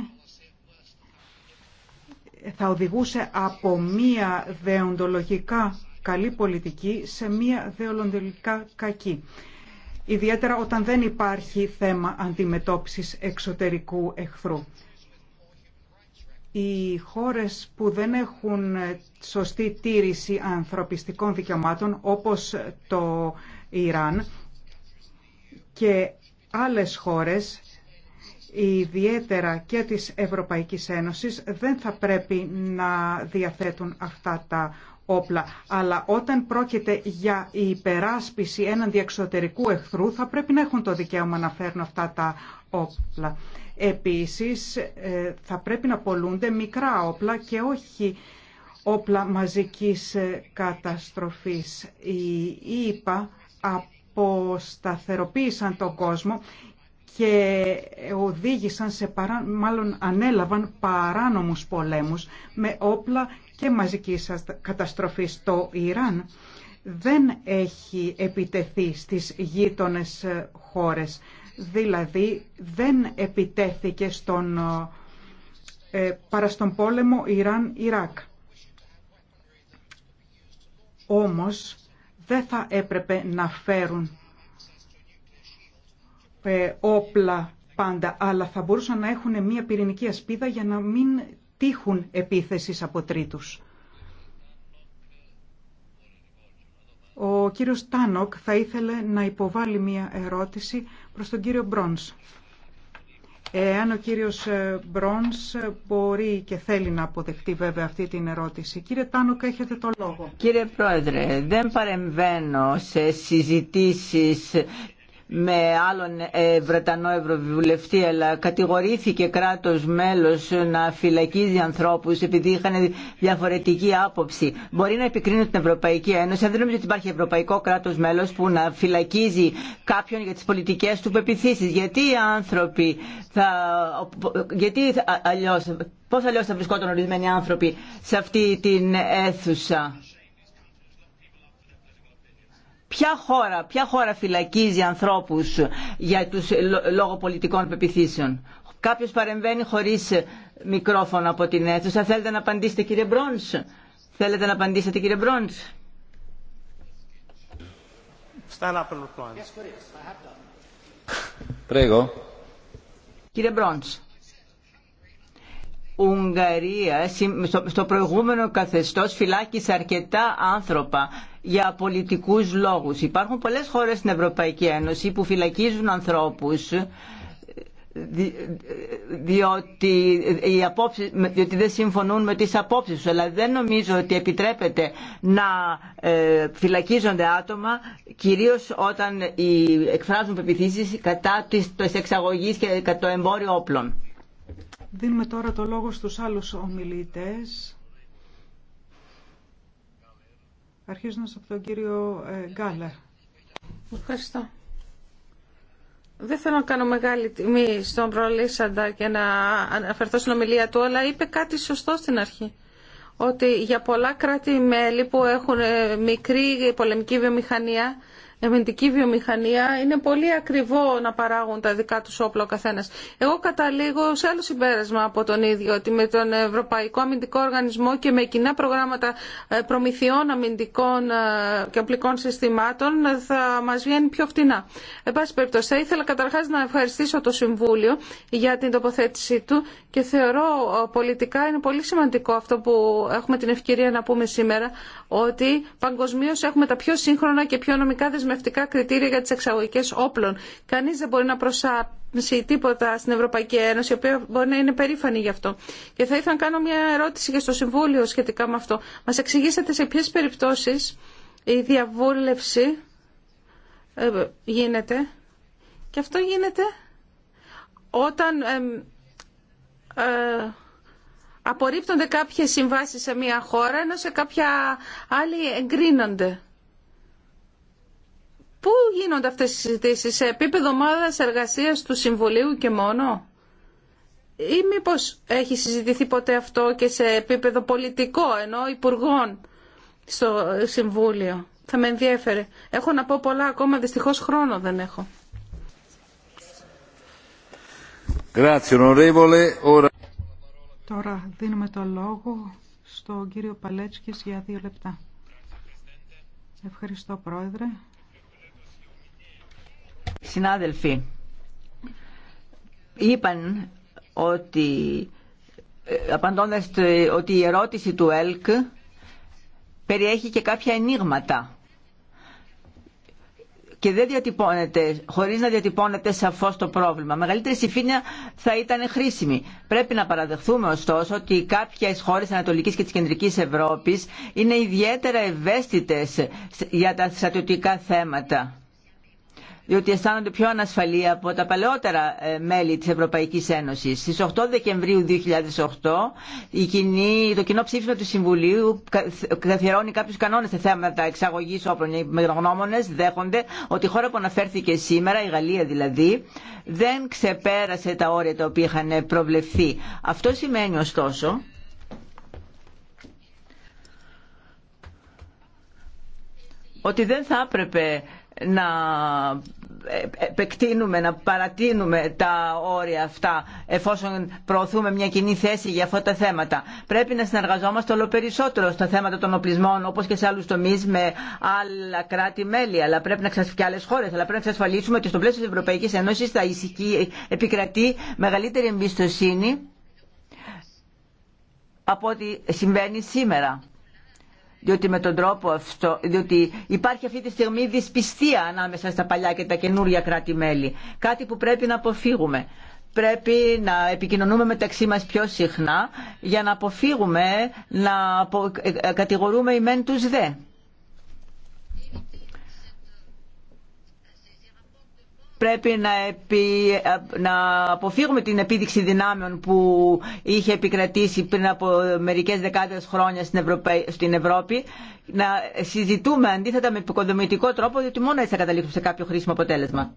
θα οδηγούσε από μία δεοντολογικά καλή πολιτική σε μία δεοντολογικά κακή. Ιδιαίτερα όταν δεν υπάρχει θέμα αντιμετώπισης εξωτερικού εχθρού. Οι χώρες που δεν έχουν σωστή τήρηση ανθρωπιστικών δικαιωμάτων, όπως το Ιράν, και άλλες χώρες, ιδιαίτερα και της Ευρωπαϊκής Ένωσης, δεν θα πρέπει να διαθέτουν αυτά τα όπλα. Αλλά όταν πρόκειται για υπεράσπιση έναν διεξωτερικού εχθρού, θα πρέπει να έχουν το δικαίωμα να φέρουν αυτά τα όπλα. Επίσης, ε, θα πρέπει να πολλούνται μικρά όπλα και όχι όπλα μαζικής ε, καταστροφής. Η ΕΠΑ ΕΕ σταθεροποίησαν τον κόσμο και οδήγησαν σε μάλλον ανέλαβαν παράνομους πολέμους με όπλα και μαζική καταστροφή στο Ιράν δεν έχει επιτεθεί στις γείτονες ε, χώρες. Δηλαδή δεν επιτέθηκε στον, ε, παρά στον πόλεμο Ιράν-Ιράκ. Όμως δεν θα έπρεπε να φέρουν ε, όπλα πάντα, αλλά θα μπορούσαν να έχουν μία πυρηνική ασπίδα για να μην τύχουν επίθεσης από τρίτους. Ο κύριος Τάνοκ θα ήθελε να υποβάλει μία ερώτηση προς τον κύριο Μπρόνς. Εάν ο κύριος ε, Μπρόνς μπορεί και θέλει να αποδεχτεί βέβαια αυτή την ερώτηση. Κύριε Τάνοκα, έχετε το λόγο. Κύριε Πρόεδρε, δεν παρεμβαίνω σε συζητήσεις με άλλον ε, Βρετανό Ευρωβουλευτή αλλά κατηγορήθηκε κράτος μέλος να φυλακίζει ανθρώπους επειδή είχαν διαφορετική άποψη. Μπορεί να επικρίνει την Ευρωπαϊκή Ένωση. Αν δεν νομίζω ότι υπάρχει ευρωπαϊκό κράτος μέλος που να φυλακίζει κάποιον για τις πολιτικές του πεπιθήσεις. Γιατί οι άνθρωποι θα... Γιατί αλλιώς... Πώς αλλιώς θα βρισκόταν ορισμένοι άνθρωποι σε αυτή την αίθουσα Ποια χώρα, ποια χώρα φυλακίζει ανθρώπους για τους, λόγω πολιτικών πεπιθήσεων. Κάποιος παρεμβαίνει χωρίς μικρόφωνο από την αίθουσα. Θέλετε να απαντήσετε κύριε Μπρόνς. Θέλετε να απαντήσετε κύριε Μπρόνς. Κύριε Μπρόντς. Ουγγαρία στο προηγούμενο καθεστώς φυλάκισε αρκετά άνθρωπα για πολιτικούς λόγους. Υπάρχουν πολλές χώρες στην Ευρωπαϊκή Ένωση που φυλακίζουν ανθρώπους ε, διότι, δεν συμφωνούν με τις απόψεις τους. Αλλά δεν νομίζω ότι επιτρέπεται να ε, φυλακίζονται άτομα κυρίως όταν οι εκφράζουν πεπιθήσεις κατά της εξαγωγής και κατά το εμπόριο όπλων. Δίνουμε τώρα το λόγο στους άλλους ομιλητές. Αρχίζοντας από τον κύριο ε, Γκάλερ. Ευχαριστώ. Δεν θέλω να κάνω μεγάλη τιμή στον προλήσαντα και να αναφερθώ στην ομιλία του, αλλά είπε κάτι σωστό στην αρχή. Ότι για πολλά κράτη-μέλη που έχουν ε, μικρή πολεμική βιομηχανία αμυντική βιομηχανία είναι πολύ ακριβό να παράγουν τα δικά τους όπλα ο καθένας. Εγώ καταλήγω σε άλλο συμπέρασμα από τον ίδιο ότι με τον Ευρωπαϊκό Αμυντικό Οργανισμό και με κοινά προγράμματα ε, προμηθειών αμυντικών ε, και οπλικών συστημάτων ε, θα μας βγαίνει πιο φτηνά. Εν πάση περιπτώσει θα ήθελα καταρχάς να ευχαριστήσω το Συμβούλιο για την τοποθέτησή του και θεωρώ πολιτικά είναι πολύ σημαντικό αυτό που έχουμε την ευκαιρία να πούμε σήμερα ότι παγκοσμίω έχουμε τα πιο σύγχρονα και πιο νομικά δεσμευτικά δεσμευτικά κριτήρια για τις εξαγωγικέ όπλων. Κανείς δεν μπορεί να προσάψει τίποτα στην Ευρωπαϊκή Ένωση, η οποία μπορεί να είναι περήφανη γι' αυτό. Και θα ήθελα να κάνω μια ερώτηση για στο Συμβούλιο σχετικά με αυτό. Μας εξηγήσατε σε ποιες περιπτώσεις η διαβούλευση ε, γίνεται. Και αυτό γίνεται όταν ε, απορρίπτονται κάποιες συμβάσεις σε μια χώρα, ενώ σε κάποια άλλη εγκρίνονται. Πού γίνονται αυτές οι συζητήσεις, σε επίπεδο ομάδα εργασίας του Συμβουλίου και μόνο. Ή μήπω έχει συζητηθεί ποτέ αυτό και σε επίπεδο πολιτικό, ενώ υπουργών στο Συμβούλιο. Θα με ενδιέφερε. Έχω να πω πολλά ακόμα, δυστυχώς χρόνο δεν έχω. Τώρα δίνουμε το λόγο στον κύριο Παλέτσκης για δύο λεπτά. Ευχαριστώ πρόεδρε. Συνάδελφοι, είπαν ότι ε, απαντώντας ότι η ερώτηση του ΕΛΚ περιέχει και κάποια ενίγματα και δεν διατυπώνεται, χωρίς να διατυπώνεται σαφώς το πρόβλημα. Μεγαλύτερη συμφήνεια θα ήταν χρήσιμη. Πρέπει να παραδεχθούμε ωστόσο ότι κάποιες χώρες Ανατολικής και της Κεντρικής Ευρώπης είναι ιδιαίτερα ευαίσθητες για τα στρατιωτικά θέματα διότι αισθάνονται πιο ανασφαλή από τα παλαιότερα ε, μέλη της Ευρωπαϊκής Ένωσης. Στις 8 Δεκεμβρίου 2008 η το κοινό ψήφισμα του Συμβουλίου καθιερώνει κάποιους κανόνες σε θέματα εξαγωγής όπλων. Οι μεγνωγνώμονες δέχονται ότι η χώρα που αναφέρθηκε σήμερα, η Γαλλία δηλαδή, δεν ξεπέρασε τα όρια τα οποία είχαν προβλεφθεί. Αυτό σημαίνει ωστόσο ότι δεν θα έπρεπε να ε, ε, επεκτείνουμε, να παρατείνουμε τα όρια αυτά εφόσον προωθούμε μια κοινή θέση για αυτά τα θέματα. Πρέπει να συνεργαζόμαστε όλο περισσότερο στα θέματα των οπλισμών όπως και σε άλλους τομείς με άλλα κράτη-μέλη αλλά πρέπει να και άλλες χώρες, αλλά πρέπει να εξασφαλίσουμε ότι στο πλαίσιο της Ευρωπαϊκής Ένωσης θα επικρατεί μεγαλύτερη εμπιστοσύνη από ό,τι συμβαίνει σήμερα διότι με τον τρόπο αυτό, διότι υπάρχει αυτή τη στιγμή δυσπιστία ανάμεσα στα παλιά και τα καινούρια κράτη-μέλη. Κάτι που πρέπει να αποφύγουμε. Πρέπει να επικοινωνούμε μεταξύ μας πιο συχνά για να αποφύγουμε να ε, ε, κατηγορούμε ημέν τους δε. πρέπει να, αποφύγουμε την επίδειξη δυνάμεων που είχε επικρατήσει πριν από μερικές δεκάδες χρόνια στην, Ευρώπη να συζητούμε αντίθετα με επικοδομητικό τρόπο διότι μόνο έτσι θα καταλήξουμε σε κάποιο χρήσιμο αποτέλεσμα.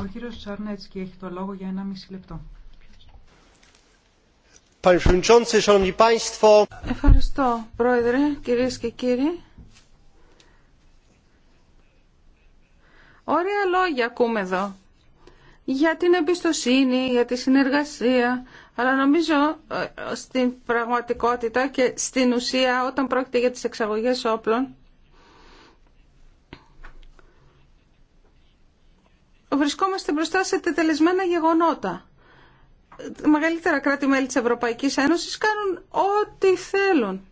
Ο κύριος Σαρνέτσκι έχει το λόγο για ένα μισή λεπτό. Ευχαριστώ, Πρόεδρε, κυρίες και κύριοι. Ωραία λόγια ακούμε εδώ για την εμπιστοσύνη, για τη συνεργασία, αλλά νομίζω ε, στην πραγματικότητα και στην ουσία όταν πρόκειται για τις εξαγωγές όπλων βρισκόμαστε μπροστά σε τετελεσμένα γεγονότα. μεγαλύτερα κράτη-μέλη της Ευρωπαϊκής Ένωσης κάνουν ό,τι θέλουν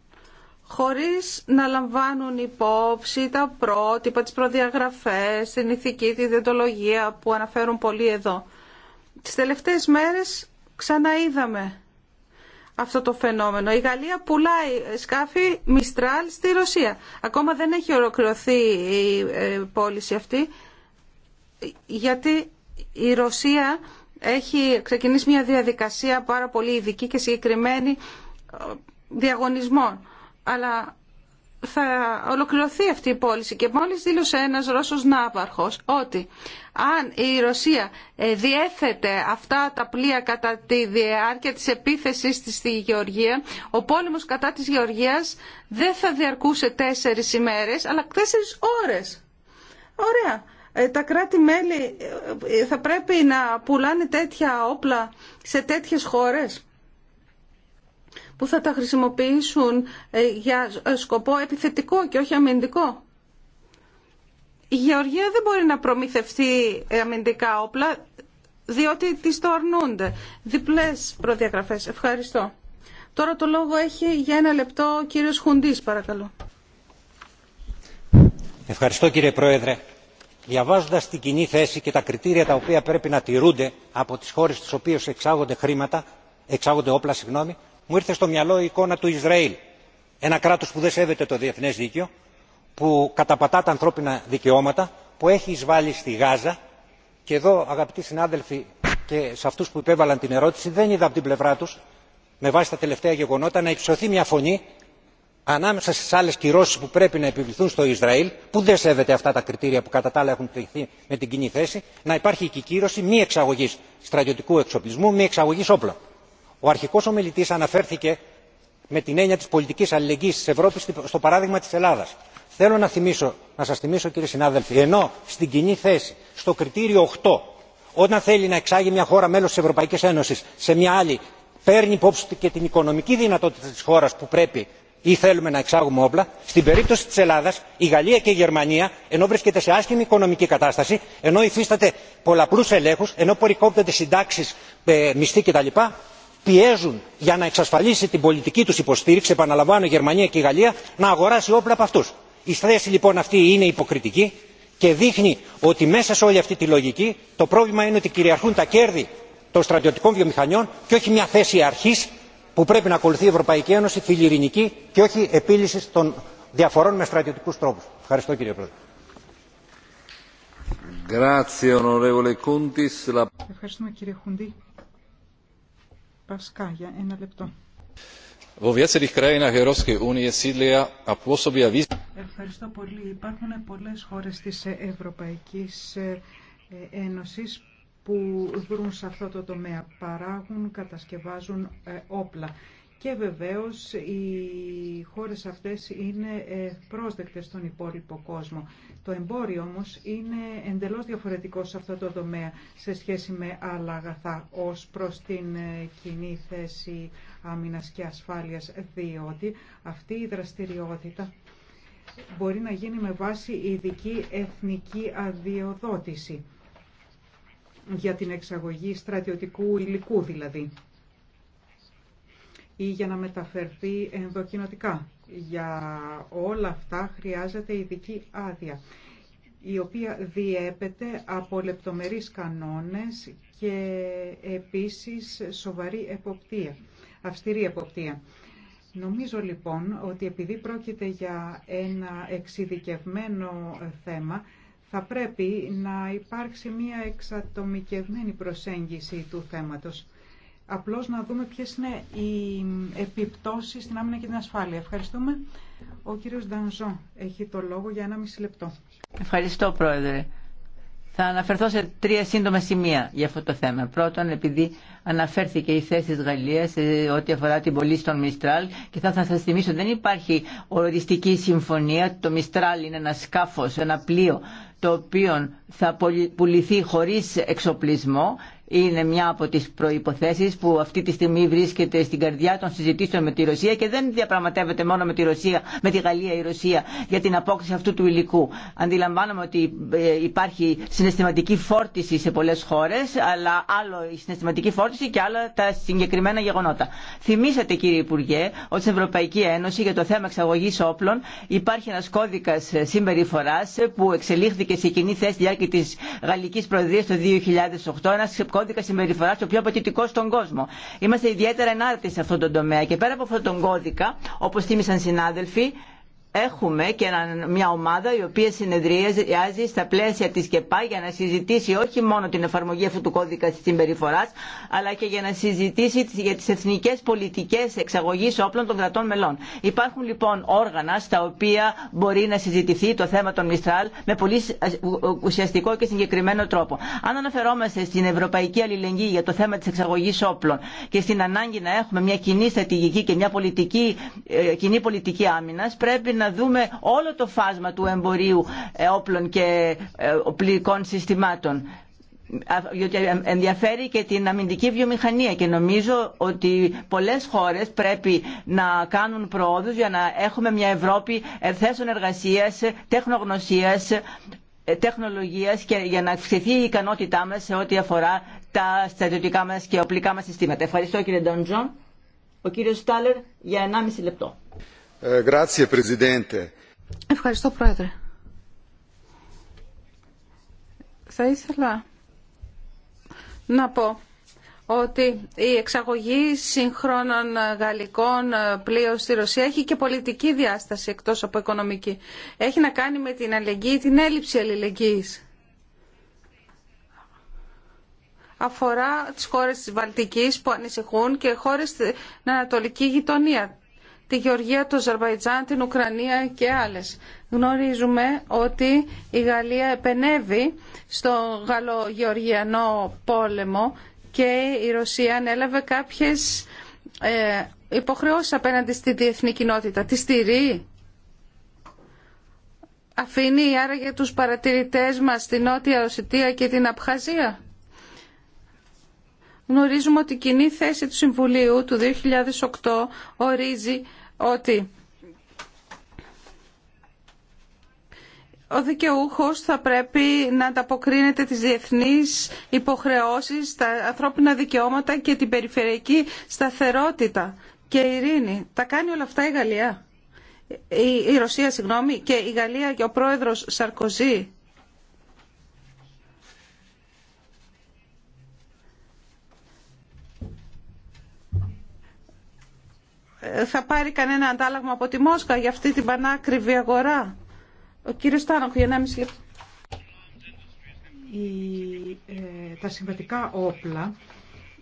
χωρίς να λαμβάνουν υπόψη τα πρότυπα, τις προδιαγραφές, την ηθική, τη διοντολογία που αναφέρουν πολλοί εδώ. Τις τελευταίες μέρες ξαναείδαμε αυτό το φαινόμενο. Η Γαλλία πουλάει σκάφη Μιστράλ στη Ρωσία. Ακόμα δεν έχει ολοκληρωθεί η ε, πώληση αυτή, γιατί η Ρωσία έχει ξεκινήσει μια διαδικασία πάρα πολύ ειδική και συγκεκριμένη ε, διαγωνισμών αλλά θα ολοκληρωθεί αυτή η πώληση και μόλις δήλωσε ένας Ρώσος ναύαρχος ότι αν η Ρωσία ε, διέθετε αυτά τα πλοία κατά τη διάρκεια της επίθεσης της στη Γεωργία, ο πόλεμος κατά της Γεωργίας δεν θα διαρκούσε τέσσερις ημέρες, αλλά τέσσερις ώρες. Ωραία. Ε, τα κράτη-μέλη ε, θα πρέπει να πουλάνε τέτοια όπλα σε τέτοιες χώρες που θα τα χρησιμοποιήσουν ε, για ε, σκοπό επιθετικό και όχι αμυντικό. Η Γεωργία δεν μπορεί να προμηθευτεί ε, αμυντικά όπλα, διότι τις το αρνούνται. Διπλές προδιαγραφές. Ευχαριστώ. Τώρα το λόγο έχει για ένα λεπτό ο κύριος Χουντής, παρακαλώ. Ευχαριστώ κύριε Πρόεδρε. Διαβάζοντας την κοινή θέση και τα κριτήρια τα οποία πρέπει να τηρούνται από τις χώρες στις οποίες εξάγονται, χρήματα, εξάγονται όπλα, συγγνώμη, μου ήρθε στο μυαλό η εικόνα του ισραήλ ένα κράτο που δεν σέβεται το διεθνέ δίκαιο που καταπατά τα ανθρώπινα δικαιώματα που έχει εισβάλει στη γάζα και εδώ αγαπητοί συνάδελφοι και σε αυτού που υπέβαλαν την ερώτηση δεν είδα από την πλευρά του με βάση τα τελευταία γεγονότα να υψωθεί μια φωνή ανάμεσα στι άλλε κυρώσει που πρέπει να επιβληθούν στο ισραήλ που δεν σέβεται αυτά τα κριτήρια που κατά τα άλλα έχουν τεθεί με την κοινή θέση να υπάρχει και η κύρωση μη εξαγωγή στρατιωτικού εξοπλισμού μη εξαγωγή όπλων ο αρχικό ομιλητή αναφέρθηκε με την έννοια τη πολιτική αλληλεγγύη τη Ευρώπη, στο παράδειγμα τη Ελλάδα. θέλω να σα θυμίσω κύριοι συνάδελφοι ενώ στην κοινή θέση στο κριτήριο 8 όταν θέλει να εξάγει μια χώρα μέλο τη Ευρωπαϊκή Ένωση, σε μια άλλη παίρνει υπόψη και την οικονομική δυνατότητα τη χώρα που πρέπει ή θέλουμε να εξάγουμε όπλα στην περίπτωση της ελλάδας η θελουμε να εξαγουμε οπλα στην περιπτωση τη ελλαδα η γαλλια και η γερμανία ενώ βρίσκεται σε άσχημη οικονομική κατάσταση ενώ υφίσταται πολλαπλού ελέγχου, ενώ περικόπτονται συντάξει ε, μισθοί κτλ πιέζουν για να εξασφαλίσει την πολιτική του υποστήριξη επαναλαμβάνω η γερμανία και η γαλλία να αγοράσει όπλα από αυτού. η θέση λοιπόν αυτή είναι υποκριτική και δείχνει ότι μέσα σε όλη αυτή τη λογική το πρόβλημα είναι ότι κυριαρχούν τα κέρδη των στρατιωτικών βιομηχανιών και όχι μια θέση αρχή που πρέπει να ακολουθεί η ευρωπαϊκή ένωση φιλιρινική και όχι επίλυση των διαφορών με στρατιωτικού τρόπου. ευχαριστώ κύριε πρόεδρε. Πασκά για ένα λεπτό. Ευχαριστώ πολύ. Υπάρχουν πολλές χώρες της Ευρωπαϊκής ε, Ένωσης που βρουν σε αυτό το τομέα. Παράγουν, κατασκευάζουν ε, όπλα. Και βεβαίως οι χώρες αυτές είναι ε, πρόσδεκτες στον υπόλοιπο κόσμο. Το εμπόριο όμως είναι εντελώς διαφορετικό σε αυτό το τομέα σε σχέση με άλλα αγαθά ως προς την ε, κοινή θέση άμυνας και ασφάλειας, διότι αυτή η δραστηριότητα μπορεί να γίνει με βάση ειδική εθνική αδειοδότηση για την εξαγωγή στρατιωτικού υλικού δηλαδή ή για να μεταφερθεί ενδοκινοτικά. Για όλα αυτά χρειάζεται ειδική άδεια, η οποία διέπεται από λεπτομερείς κανόνες και επίσης σοβαρή εποπτεία, αυστηρή εποπτεία. Νομίζω λοιπόν ότι επειδή πρόκειται για ένα εξειδικευμένο θέμα, θα πρέπει να υπάρξει μια εξατομικευμένη προσέγγιση του θέματος απλώς να δούμε ποιες είναι οι επιπτώσεις στην άμυνα και την ασφάλεια. Ευχαριστούμε. Ο κύριος Ντανζό έχει το λόγο για ένα μισή λεπτό. Ευχαριστώ Πρόεδρε. Θα αναφερθώ σε τρία σύντομα σημεία για αυτό το θέμα. Πρώτον, επειδή αναφέρθηκε η θέση της Γαλλίας ε, ό,τι αφορά την πωλή στον Μιστράλ και θα, θα σας θυμίσω δεν υπάρχει οριστική συμφωνία. Το Μιστράλ είναι ένα σκάφος, ένα πλοίο το οποίο θα πουληθεί χωρίς εξοπλισμό είναι μια από τις προϋποθέσεις που αυτή τη στιγμή βρίσκεται στην καρδιά των συζητήσεων με τη Ρωσία και δεν διαπραγματεύεται μόνο με τη, Ρωσία, με τη Γαλλία η Ρωσία για την απόκριση αυτού του υλικού. Αντιλαμβάνομαι ότι ε, υπάρχει συναισθηματική φόρτιση σε πολλές χώρες, αλλά άλλο η συναισθηματική φόρτιση και άλλα τα συγκεκριμένα γεγονότα. Θυμήσατε κύριε Υπουργέ ότι στην Ευρωπαϊκή Ένωση για το θέμα εξαγωγή όπλων υπάρχει ένα κώδικας συμπεριφοράς που εξελίχθηκε σε κοινή θέση διάρκεια της Γαλλικής Προεδρίας το 2008, κώδικα συμπεριφορά ο πιο απαιτητικό στον κόσμο. Είμαστε ιδιαίτερα ενάρτητοι σε αυτόν τον τομέα και πέρα από αυτόν τον κώδικα, όπω θύμισαν συνάδελφοι, έχουμε και μια ομάδα η οποία συνεδριάζει στα πλαίσια της ΚΕΠΑ για να συζητήσει όχι μόνο την εφαρμογή αυτού του κώδικα της συμπεριφοράς αλλά και για να συζητήσει για τις εθνικές πολιτικές εξαγωγής όπλων των κρατών μελών. Υπάρχουν λοιπόν όργανα στα οποία μπορεί να συζητηθεί το θέμα των Μιστράλ με πολύ ε, ε, ουσιαστικό και συγκεκριμένο τρόπο. Αν αναφερόμαστε στην ευρωπαϊκή αλληλεγγύη για το θέμα της εξαγωγής όπλων και στην ανάγκη να έχουμε μια κοινή στρατηγική και μια πολιτική, ε, κοινή πολιτική άμυνας πρέπει να να δούμε όλο το φάσμα του εμπορίου ε, όπλων και ε, οπλικών συστημάτων γιατί ε, ενδιαφέρει και την αμυντική βιομηχανία και νομίζω ότι πολλές χώρες πρέπει να κάνουν προόδους για να έχουμε μια Ευρώπη θέσεων εργασίας, τεχνογνωσίας, τεχνολογίας και για να αυξηθεί η ικανότητά μας σε ό,τι αφορά τα στρατιωτικά μας και οπλικά μας συστήματα. Ευχαριστώ κύριε Ντοντζόν. Ο κύριος Στάλερ για 1,5 λεπτό. Ε, Ευχαριστώ, Πρόεδρε. Θα ήθελα να πω ότι η εξαγωγή συγχρόνων γαλλικών ε, πλοίων στη Ρωσία έχει και πολιτική διάσταση εκτός από οικονομική. Έχει να κάνει με την αλληλεγγύη, την έλλειψη αλληλεγγύης. Αφορά τις χώρες της Βαλτικής που ανησυχούν και χώρες στην Ανατολική γειτονία τη Γεωργία, το Ζαρβαϊτζάν, την Ουκρανία και άλλες. Γνωρίζουμε ότι η Γαλλία επενεύει στο γαλλογεωργιανό πόλεμο και η Ρωσία ανέλαβε κάποιες ε, υποχρεώσεις απέναντι στη διεθνή κοινότητα. Τη στηρεί. Αφήνει άραγε τους παρατηρητές μας στη Νότια Ρωσιτία και την Απχαζία. Γνωρίζουμε ότι η κοινή θέση του Συμβουλίου του 2008 ορίζει ότι ο δικαιούχος θα πρέπει να ανταποκρίνεται τις διεθνείς υποχρεώσεις, τα ανθρώπινα δικαιώματα και την περιφερειακή σταθερότητα και ειρήνη. Τα κάνει όλα αυτά η Γαλλία. Η, Ρωσία, συγγνώμη, και η Γαλλία και ο πρόεδρος Σαρκοζή θα πάρει κανένα αντάλλαγμα από τη Μόσχα για αυτή την πανάκριβη αγορά. Ο κύριος Τάνοκ, για 1,5 ε, τα συμβατικά όπλα,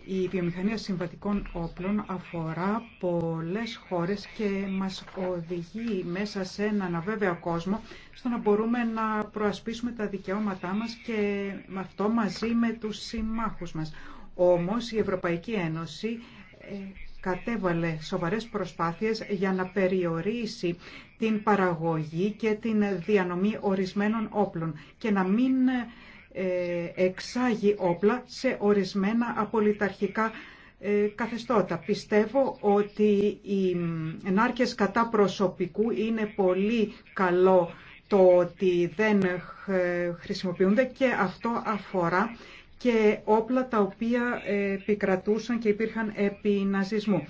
η βιομηχανία συμβατικών όπλων αφορά πολλές χώρες και μας οδηγεί μέσα σε έναν αβέβαιο κόσμο στο να μπορούμε να προασπίσουμε τα δικαιώματά μας και με αυτό μαζί με τους συμμάχους μας. Όμως η Ευρωπαϊκή Ένωση ε, κατέβαλε σοβαρές προσπάθειες για να περιορίσει την παραγωγή και την διανομή ορισμένων όπλων και να μην ε, εξάγει όπλα σε ορισμένα απολυταρχικά ε, καθεστώτα. Πιστεύω ότι οι νάρκες κατά προσωπικού είναι πολύ καλό το ότι δεν ε, χρησιμοποιούνται και αυτό αφορά και όπλα τα οποία επικρατούσαν και υπήρχαν επί ναζισμού.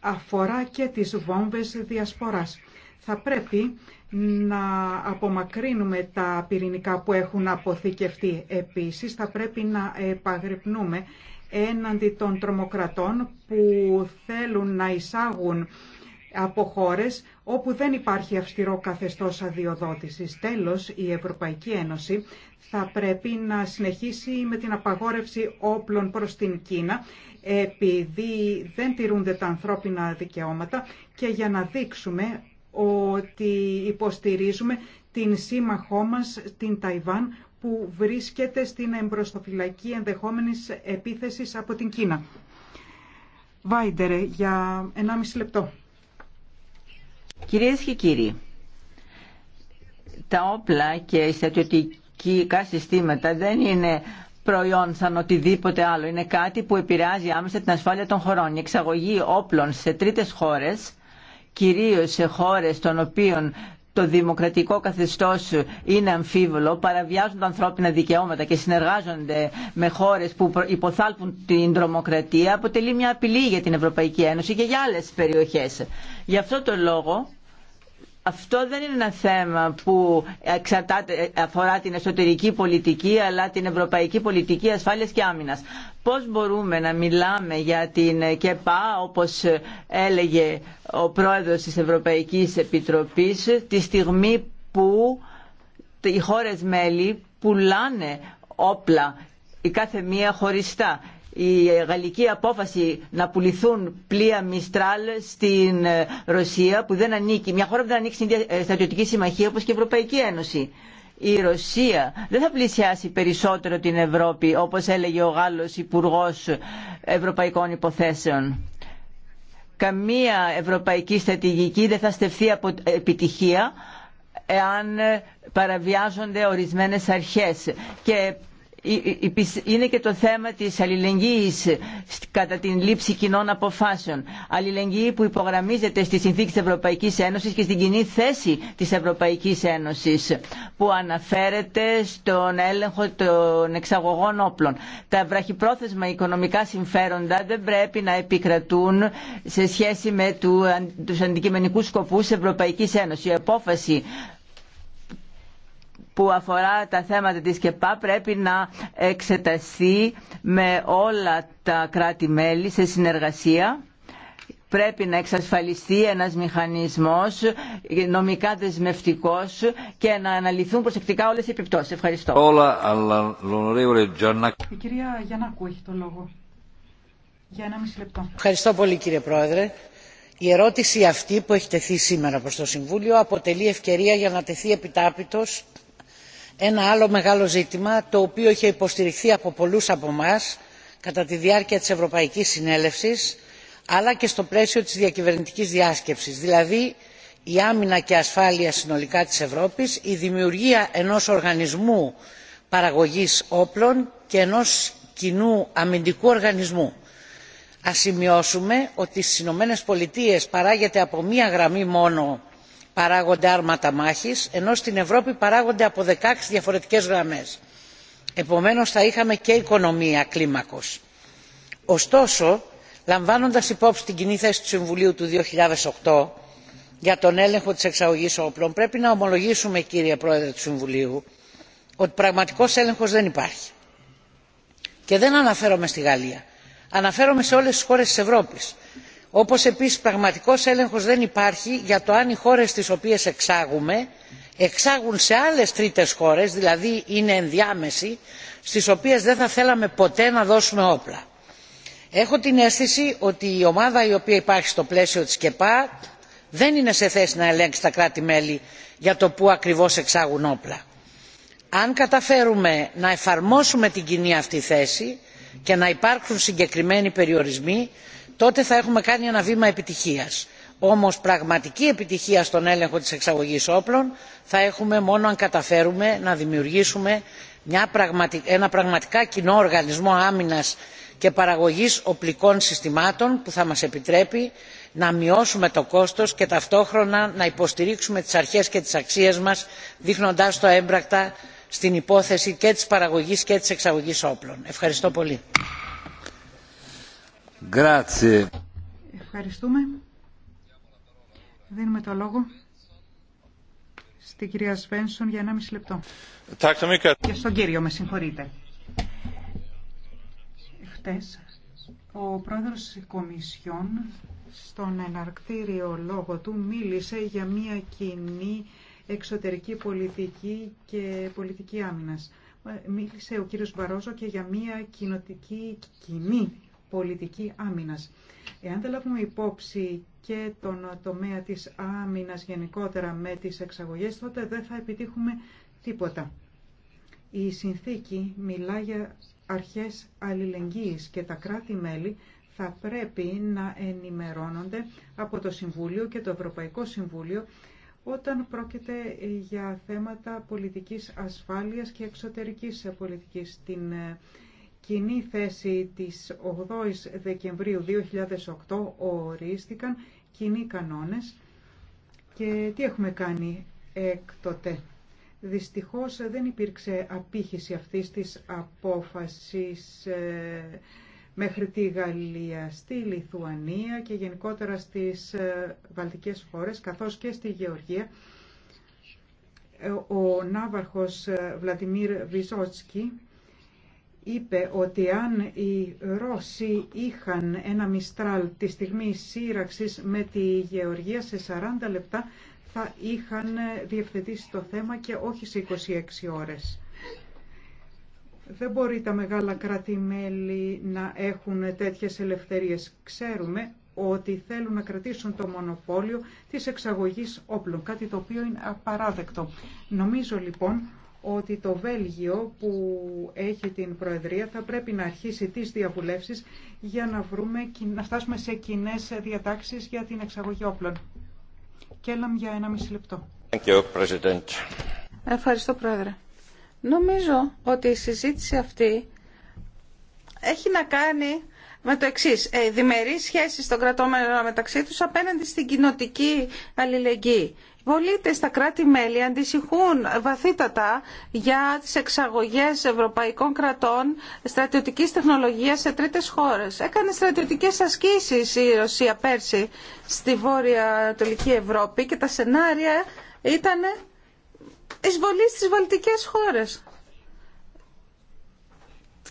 Αφορά και τις βόμβες διασποράς. Θα πρέπει να απομακρύνουμε τα πυρηνικά που έχουν αποθηκευτεί. Επίσης θα πρέπει να επαγρυπνούμε έναντι των τρομοκρατών που θέλουν να εισάγουν από χώρε όπου δεν υπάρχει αυστηρό καθεστώς αδειοδότηση. Τέλος, η Ευρωπαϊκή Ένωση θα πρέπει να συνεχίσει με την απαγόρευση όπλων προς την Κίνα επειδή δεν τηρούνται τα ανθρώπινα δικαιώματα και για να δείξουμε ότι υποστηρίζουμε την σύμμαχό μας, την Ταϊβάν, που βρίσκεται στην εμπροστοφυλακή ενδεχόμενης επίθεσης από την Κίνα. Βάιντερε, για 1,5 λεπτό. Κυρίες και κύριοι, τα όπλα και οι στρατιωτικά συστήματα δεν είναι προϊόν σαν οτιδήποτε άλλο. Είναι κάτι που επηρεάζει άμεσα την ασφάλεια των χωρών. Η εξαγωγή όπλων σε τρίτες χώρες, κυρίως σε χώρες των οποίων το δημοκρατικό καθεστώς είναι αμφίβολο, παραβιάζουν τα ανθρώπινα δικαιώματα και συνεργάζονται με χώρες που υποθάλπουν την τρομοκρατία, αποτελεί μια απειλή για την Ευρωπαϊκή Ένωση και για άλλες περιοχές. Γι' αυτό το λόγο αυτό δεν είναι ένα θέμα που αφορά την εσωτερική πολιτική αλλά την ευρωπαϊκή πολιτική ασφάλειας και άμυνας. Πώς μπορούμε να μιλάμε για την ΚΕΠΑ όπως έλεγε ο πρόεδρος της Ευρωπαϊκής Επιτροπής τη στιγμή που οι χώρες μέλη πουλάνε όπλα η κάθε μία χωριστά η γαλλική απόφαση να πουληθούν πλοία Μιστράλ στην ε, Ρωσία που δεν ανήκει, μια χώρα που δεν ανήκει στην ε, στρατιωτική συμμαχία όπως και η Ευρωπαϊκή Ένωση. Η Ρωσία δεν θα πλησιάσει περισσότερο την Ευρώπη όπως έλεγε ο Γάλλος υπουργό Ευρωπαϊκών Υποθέσεων. Καμία ευρωπαϊκή στρατηγική δεν θα στεφθεί από επιτυχία εάν παραβιάζονται ορισμένες αρχές είναι και το θέμα της αλληλεγγύης κατά την λήψη κοινών αποφάσεων. Αλληλεγγύη που υπογραμμίζεται στη συνθήκη της Ευρωπαϊκής Ένωσης και στην κοινή θέση της Ευρωπαϊκής Ένωσης που αναφέρεται στον έλεγχο των εξαγωγών όπλων. Τα βραχυπρόθεσμα οικονομικά συμφέροντα δεν πρέπει να επικρατούν σε σχέση με τους αντικειμενικούς σκοπούς Ευρωπαϊκής Ένωσης. Η απόφαση που αφορά τα θέματα της ΚΕΠΑ πρέπει να εξεταστεί με όλα τα κράτη-μέλη σε συνεργασία πρέπει να εξασφαλιστεί ένας μηχανισμός νομικά δεσμευτικός και να αναλυθούν προσεκτικά όλες οι επιπτώσεις. Ευχαριστώ. Όλα, αλλά, Η κυρία Γιαννάκου έχει λόγο. Για ένα μισή λεπτό. Ευχαριστώ πολύ κύριε Πρόεδρε. Η ερώτηση αυτή που έχει τεθεί σήμερα προς το Συμβούλιο αποτελεί ευκαιρία για να τεθεί επιτάπητος ένα άλλο μεγάλο ζήτημα το οποίο είχε υποστηριχθεί από πολλούς από εμά κατά τη διάρκεια της ευρωπαϊκής συνέλευσης αλλά και στο πλαίσιο της διακυβερνητικής διάσκεψης δηλαδή η άμυνα και ασφάλεια συνολικά της ευρώπης η δημιουργία ενός οργανισμού παραγωγής όπλων και ενός κοινού αμυντικού οργανισμού. ας σημειώσουμε ότι στις ΗΠΑ παράγεται από μία γραμμή μόνο παράγονται άρματα μάχη ενώ στην ευρώπη παράγονται από 16 διαφορετικέ γραμμέ. Επομένω θα είχαμε και οικονομία κλίμακο. ωστόσο λαμβάνοντα υπόψη την κοινή θέση του συμβουλίου του 2008 για τον έλεγχο τη εξαγωγή όπλων πρέπει να ομολογήσουμε κύριε πρόεδρε του συμβουλίου ότι πραγματικό έλεγχο δεν υπάρχει. και δεν αναφέρομαι στη γαλλία αναφέρομαι σε όλε τι χώρε τη Ευρώπη όπως επίσης πραγματικός έλεγχος δεν υπάρχει για το αν οι χώρες στις οποίες εξάγουμε εξάγουν σε άλλες τρίτες χώρες δηλαδή είναι ενδιάμεση, στις οποίες δεν θα θέλαμε ποτέ να δώσουμε όπλα. έχω την αίσθηση ότι η ομάδα η οποία υπάρχει στο πλαίσιο της κεπα δεν είναι σε θέση να ελέγξει τα κράτη μέλη για το πού ακριβώς εξάγουν όπλα. αν καταφέρουμε να εφαρμόσουμε την κοινή αυτή θέση και να υπάρχουν συγκεκριμένοι περιορισμοί τότε θα έχουμε κάνει ένα βήμα επιτυχίας. όμως πραγματική επιτυχία στον έλεγχο της εξαγωγής όπλων θα έχουμε μόνο αν καταφέρουμε να δημιουργήσουμε μια ένα πραγματικά κοινό οργανισμό άμυνας και παραγωγής οπλικών συστημάτων που θα μας επιτρέπει να μειώσουμε το κόστος και ταυτόχρονα να υποστηρίξουμε τις αρχές και τις αξίες μας δείχνοντάς το έμπρακτα στην υπόθεση και της παραγωγής και της εξαγωγής όπλων. ευχαριστώ πολύ. Ευχαριστούμε. Δίνουμε το λόγο στην κυρία Σβένσον για 1,5 λεπτό. Και στον κύριο, με συγχωρείτε. Χτες, ο πρόεδρος της Κομισιόν στον εναρκτήριο λόγο του μίλησε για μια κοινή εξωτερική πολιτική και πολιτική άμυνας. Μίλησε ο κύριος Μπαρόζο και για μια κοινοτική κοινή πολιτική άμυνας. Εάν δεν λάβουμε υπόψη και τον τομέα της άμυνας γενικότερα με τις εξαγωγές, τότε δεν θα επιτύχουμε τίποτα. Η συνθήκη μιλά για αρχές αλληλεγγύης και τα κράτη-μέλη θα πρέπει να ενημερώνονται από το Συμβούλιο και το Ευρωπαϊκό Συμβούλιο όταν πρόκειται για θέματα πολιτικής ασφάλειας και εξωτερικής πολιτικής στην ε, κοινή θέση της 8 η Δεκεμβρίου 2008 ορίστηκαν κοινοί κανόνες και τι έχουμε κάνει έκτοτε. Δυστυχώς δεν υπήρξε απήχηση αυτής της απόφασης ε, μέχρι τη Γαλλία, στη Λιθουανία και γενικότερα στις ε, βαλτικές χώρες, καθώς και στη Γεωργία. Ε, ο ναύαρχος Βλαντιμίρ Βιζότσκι είπε ότι αν οι Ρώσοι είχαν ένα μιστράλ τη στιγμή σύραξης με τη Γεωργία σε 40 λεπτά θα είχαν διευθετήσει το θέμα και όχι σε 26 ώρες. Δεν μπορεί τα μεγάλα να έχουν τέτοιες ελευθερίες. Ξέρουμε ότι θέλουν να κρατήσουν το μονοπόλιο της εξαγωγής όπλων, κάτι το οποίο είναι απαράδεκτο. Νομίζω λοιπόν ότι το Βέλγιο που έχει την Προεδρία θα πρέπει να αρχίσει τις διαβουλεύσεις για να, βρούμε, να φτάσουμε σε κοινέ διατάξεις για την εξαγωγή όπλων. Κέλαμ για ένα μισή λεπτό. you, Ευχαριστώ Πρόεδρε. Νομίζω ότι η συζήτηση αυτή έχει να κάνει με το εξή. Ε, διμερεί σχέσει των κρατών μεταξύ του απέναντι στην κοινοτική αλληλεγγύη πολίτες στα κράτη-μέλη αντισυχούν βαθύτατα για τις εξαγωγές ευρωπαϊκών κρατών στρατιωτικής τεχνολογίας σε τρίτες χώρες. Έκανε στρατιωτικές ασκήσεις η Ρωσία πέρσι στη Βόρεια Ανατολική Ευρώπη και τα σενάρια ήταν εισβολή στις βαλτικές χώρες.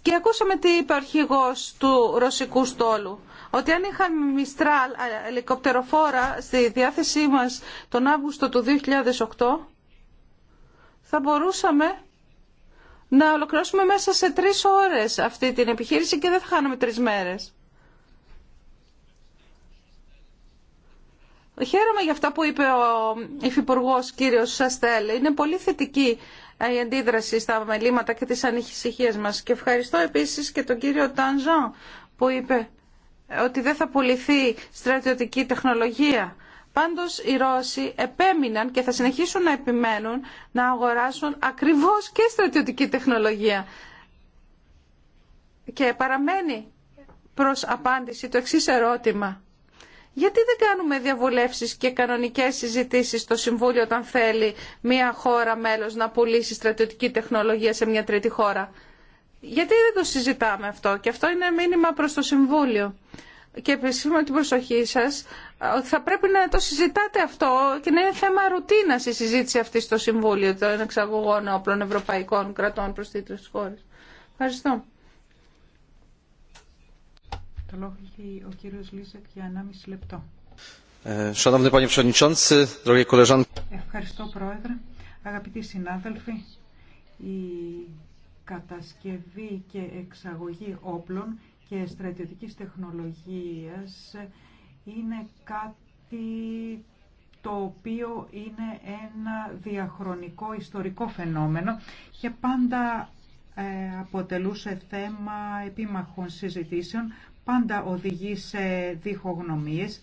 Και ακούσαμε τι είπε ο αρχηγός του ρωσικού στόλου ότι αν είχαμε μιστράλ ελικοπτεροφόρα στη διάθεσή μας τον Αύγουστο του 2008 θα μπορούσαμε να ολοκληρώσουμε μέσα σε τρεις ώρες αυτή την επιχείρηση και δεν θα χάνουμε τρεις μέρες. Χαίρομαι για αυτά που είπε ο Υφυπουργό κύριος Σαστέλ. Είναι πολύ θετική ε, η αντίδραση στα μελήματα και τις ανησυχίες μας. Και ευχαριστώ επίσης και τον κύριο Τανζάν που είπε ότι δεν θα πουληθεί στρατιωτική τεχνολογία. Πάντως οι Ρώσοι επέμειναν και θα συνεχίσουν να επιμένουν να αγοράσουν ακριβώς και στρατιωτική τεχνολογία. Και παραμένει προς απάντηση το εξής ερώτημα. Γιατί δεν κάνουμε διαβουλεύσεις και κανονικές συζητήσεις στο Συμβούλιο όταν θέλει μια χώρα μέλος να πουλήσει στρατιωτική τεχνολογία σε μια τρίτη χώρα. Γιατί δεν το συζητάμε αυτό και αυτό είναι μήνυμα προς το Συμβούλιο και επισήμω την προσοχή σας ότι θα πρέπει να το συζητάτε αυτό και να είναι θέμα ρουτίνας η συζήτηση αυτή στο Συμβούλιο των Εξαγωγών Όπλων Ευρωπαϊκών Κρατών προς τίτλους χώρες. Ευχαριστώ. Το λόγο έχει ο κύριος Λίζεκ για 1,5 λεπτό. Ε, Ευχαριστώ Πρόεδρε. Αγαπητοί συνάδελφοι, η κατασκευή και εξαγωγή όπλων και στρατιωτικής τεχνολογίας είναι κάτι το οποίο είναι ένα διαχρονικό ιστορικό φαινόμενο και πάντα ε, αποτελούσε θέμα επίμαχων συζητήσεων, πάντα οδηγεί σε διχογνωμίες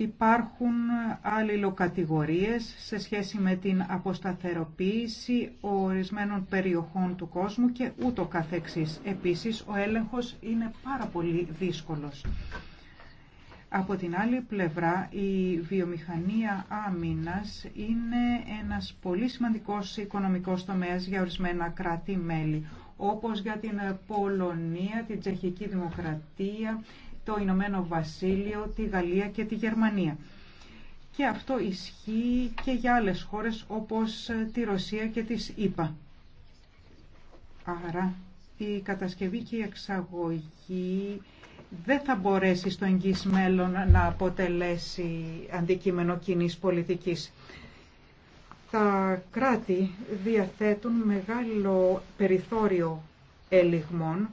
Υπάρχουν αλληλοκατηγορίες σε σχέση με την αποσταθεροποίηση ορισμένων περιοχών του κόσμου και ούτω καθεξής. Επίσης, ο έλεγχος είναι πάρα πολύ δύσκολος. Από την άλλη πλευρά, η βιομηχανία άμυνας είναι ένας πολύ σημαντικός οικονομικός τομέας για ορισμένα κράτη-μέλη, όπως για την Πολωνία, την Τσεχική Δημοκρατία, το Ηνωμένο Βασίλειο, τη Γαλλία και τη Γερμανία. Και αυτό ισχύει και για άλλες χώρες όπως ε, τη Ρωσία και τις ΗΠΑ. Άρα η κατασκευή και η εξαγωγή δεν θα μπορέσει στο εγγύς μέλλον να αποτελέσει αντικείμενο κοινής πολιτικής. Τα κράτη διαθέτουν μεγάλο περιθώριο ελιγμών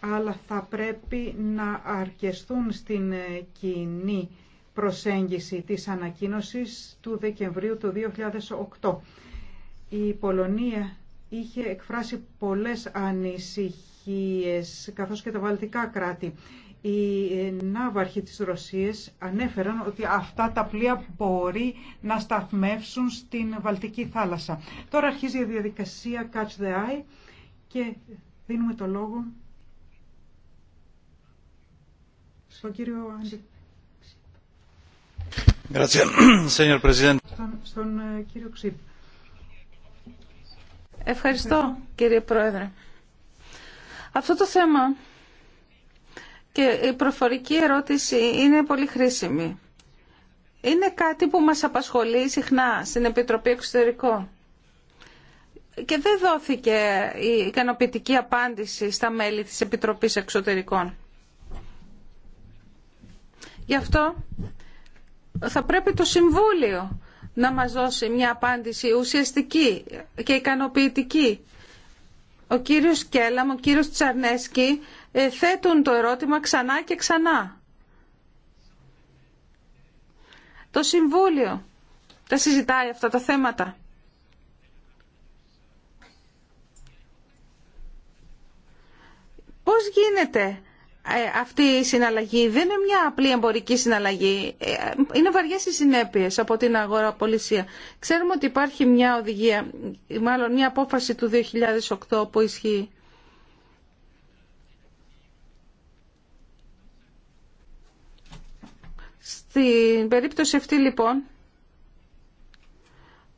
αλλά θα πρέπει να αρκεστούν στην ε, κοινή προσέγγιση της ανακοίνωσης του Δεκεμβρίου του 2008. Η Πολωνία είχε εκφράσει πολλές ανησυχίες, καθώς και τα βαλτικά κράτη. Οι ε, ναύαρχοι της Ρωσίας ανέφεραν ότι αυτά τα πλοία μπορεί να σταθμεύσουν στην Βαλτική θάλασσα. Τώρα αρχίζει η διαδικασία Catch the Eye και δίνουμε το λόγο Ε, Ευχαριστώ, κύριε Πρόεδρε. Αυτό το θέμα και η προφορική ερώτηση είναι πολύ χρήσιμη. Είναι κάτι που μας απασχολεί συχνά στην Επιτροπή Εξωτερικών. Και δεν δόθηκε η ικανοποιητική απάντηση στα μέλη της Επιτροπής Εξωτερικών. Γι' αυτό θα πρέπει το Συμβούλιο να μας δώσει μια απάντηση ουσιαστική και ικανοποιητική. Ο κύριος Κέλαμ, ο κύριος Τσαρνέσκι ε, θέτουν το ερώτημα ξανά και ξανά. Το Συμβούλιο τα συζητάει αυτά τα θέματα. Πώς γίνεται ε, αυτή η συναλλαγή δεν είναι μια απλή εμπορική συναλλαγή. Ε, είναι βαριές οι συνέπειες από την αγοραπολισία. Ξέρουμε ότι υπάρχει μια οδηγία, μάλλον μια απόφαση του 2008 που ισχύει. Στην περίπτωση αυτή λοιπόν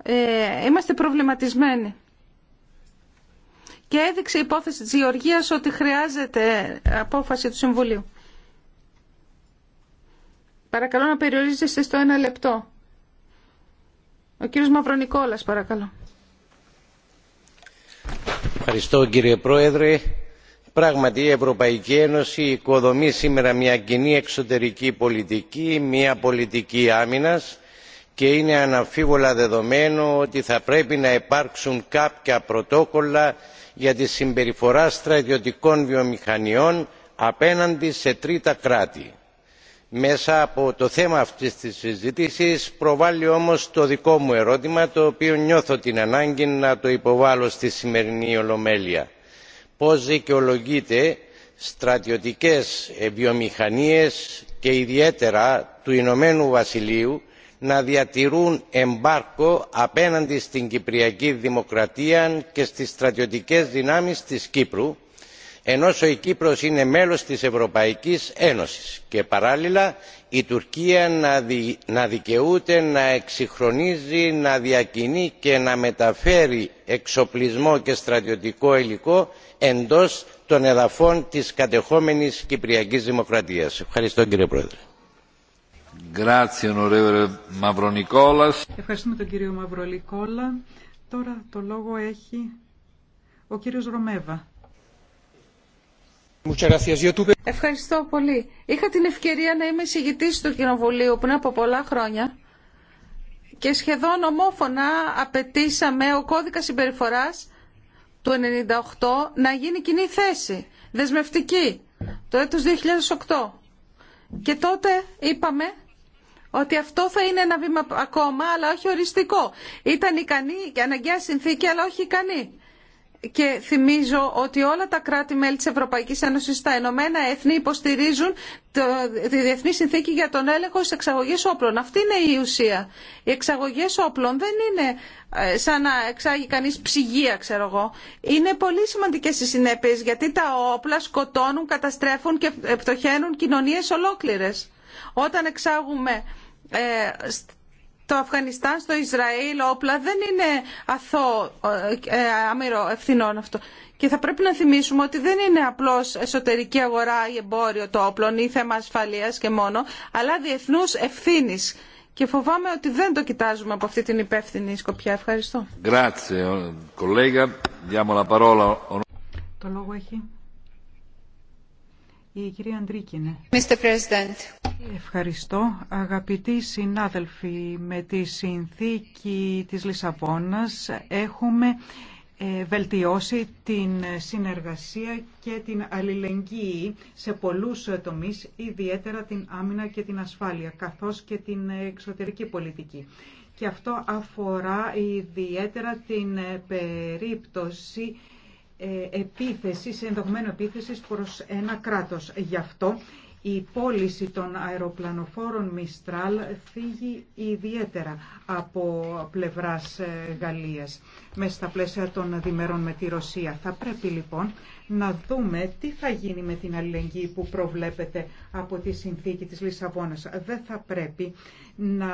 ε, είμαστε προβληματισμένοι και έδειξε η υπόθεση της Γεωργίας ότι χρειάζεται απόφαση του Συμβουλίου. Παρακαλώ να περιορίζεστε στο ένα λεπτό. Ο κύριος Μαυρονικόλας, παρακαλώ. Ευχαριστώ κύριε Πρόεδρε. Πράγματι η Ευρωπαϊκή Ένωση οικοδομεί σήμερα μια κοινή εξωτερική πολιτική, μια πολιτική άμυνας και είναι αναμφίβολα δεδομένο ότι θα πρέπει να υπάρξουν κάποια πρωτόκολλα για τη συμπεριφορά στρατιωτικών βιομηχανιών απέναντι σε τρίτα κράτη. μέσα από το θέμα αυτής της συζήτησης προβάλλει όμως το δικό μου ερώτημα το οποίο νιώθω την ανάγκη να το υποβάλω στη σημερινή ολομέλεια πώς δικαιολογείται στρατιωτικές ε, βιομηχανίες και ιδιαίτερα του ηνωμένου βασιλείου να διατηρούν εμπάρκο απέναντι στην κυπριακή δημοκρατία και στις στρατιωτικές δυνάμεις της κύπρου ενώ η κύπρος είναι μέλος της ευρωπαϊκής ένωσης και παράλληλα η τουρκία να δικαιούται να εξυγχρονίζει να διακινεί και να μεταφέρει εξοπλισμό και στρατιωτικό υλικό εντός των εδαφών της κατεχόμενης κυπριακής δημοκρατίας. ευχαριστώ κύριε πρόεδρε. Ευχαριστούμε τον κύριο Μαυρολικόλα. Τώρα το λόγο έχει ο κύριος Ρωμέβα. Ευχαριστώ πολύ. Είχα την ευκαιρία να είμαι συγητής του Κοινοβουλίου πριν από πολλά χρόνια και σχεδόν ομόφωνα απαιτήσαμε ο κώδικας συμπεριφοράς του 1998 να γίνει κοινή θέση, δεσμευτική, το έτος 2008. Και τότε είπαμε ότι αυτό θα είναι ένα βήμα ακόμα, αλλά όχι οριστικό. Ήταν ικανή και αναγκαία συνθήκη, αλλά όχι ικανή. Και θυμίζω ότι όλα τα κράτη-μέλη της Ευρωπαϊκής Ένωσης τα Ενωμένα Έθνη υποστηρίζουν τη Διεθνή Συνθήκη για τον έλεγχο στις εξαγωγές όπλων. Αυτή είναι η ουσία. Οι εξαγωγές όπλων δεν είναι ε, σαν να εξάγει κανείς ψυγεία, ξέρω εγώ. Είναι πολύ σημαντικές οι συνέπειες γιατί τα όπλα σκοτώνουν, καταστρέφουν και ε, πτωχαίνουν κοινωνίες ολόκληρες. Όταν εξάγουμε ε, το Αφγανιστάν, στο Ισραήλ όπλα δεν είναι αθώο ε, ε αυτό. Και θα πρέπει να θυμίσουμε ότι δεν είναι απλώς εσωτερική αγορά ή εμπόριο το όπλο, ή θέμα ασφαλείας και μόνο, αλλά διεθνούς ευθύνη. Και φοβάμαι ότι δεν το κοιτάζουμε από αυτή την υπεύθυνη σκοπιά. Ευχαριστώ. Το λόγο έχει η κυρία Αντρίκινε. Ευχαριστώ. Αγαπητοί συνάδελφοι, με τη συνθήκη της Λισαβόνας έχουμε ε, βελτιώσει την συνεργασία και την αλληλεγγύη σε πολλούς τομείς, ιδιαίτερα την άμυνα και την ασφάλεια, καθώς και την εξωτερική πολιτική. Και αυτό αφορά ιδιαίτερα την ε, περίπτωση ε, επίθεσης, επίθεση επίθεση προς ένα κράτος. Γι' αυτό η πώληση των αεροπλανοφόρων Μιστράλ φύγει ιδιαίτερα από πλευράς ε, Γαλλίας μέσα στα πλαίσια των διμερών με τη Ρωσία. Θα πρέπει λοιπόν να δούμε τι θα γίνει με την αλληλεγγύη που προβλέπεται από τη συνθήκη της Λισαβόνας. Δεν θα πρέπει να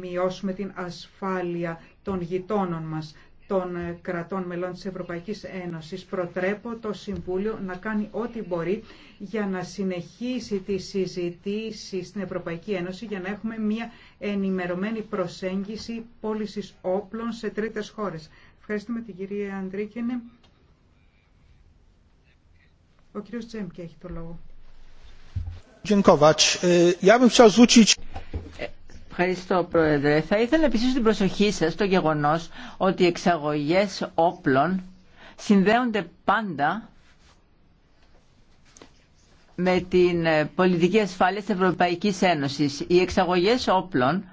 μειώσουμε την ασφάλεια των γειτόνων μας των ε, κρατών μελών της Ευρωπαϊκής Ένωσης προτρέπω το Συμβούλιο να κάνει ό,τι μπορεί για να συνεχίσει τη συζητήση στην Ευρωπαϊκή Ένωση για να έχουμε μια ενημερωμένη προσέγγιση πώληση όπλων σε τρίτες χώρες. Ευχαριστούμε την κυρία Αντρίκενε. Ο κύριος Τζέμπκε έχει το λόγο. Ε, ε, Ευχαριστώ Πρόεδρε. Θα ήθελα επίση την προσοχή σας στο γεγονός ότι οι εξαγωγέ όπλων συνδέονται πάντα με την ε, πολιτική ασφάλεια της Ευρωπαϊκής Ένωσης. Οι εξαγωγές όπλων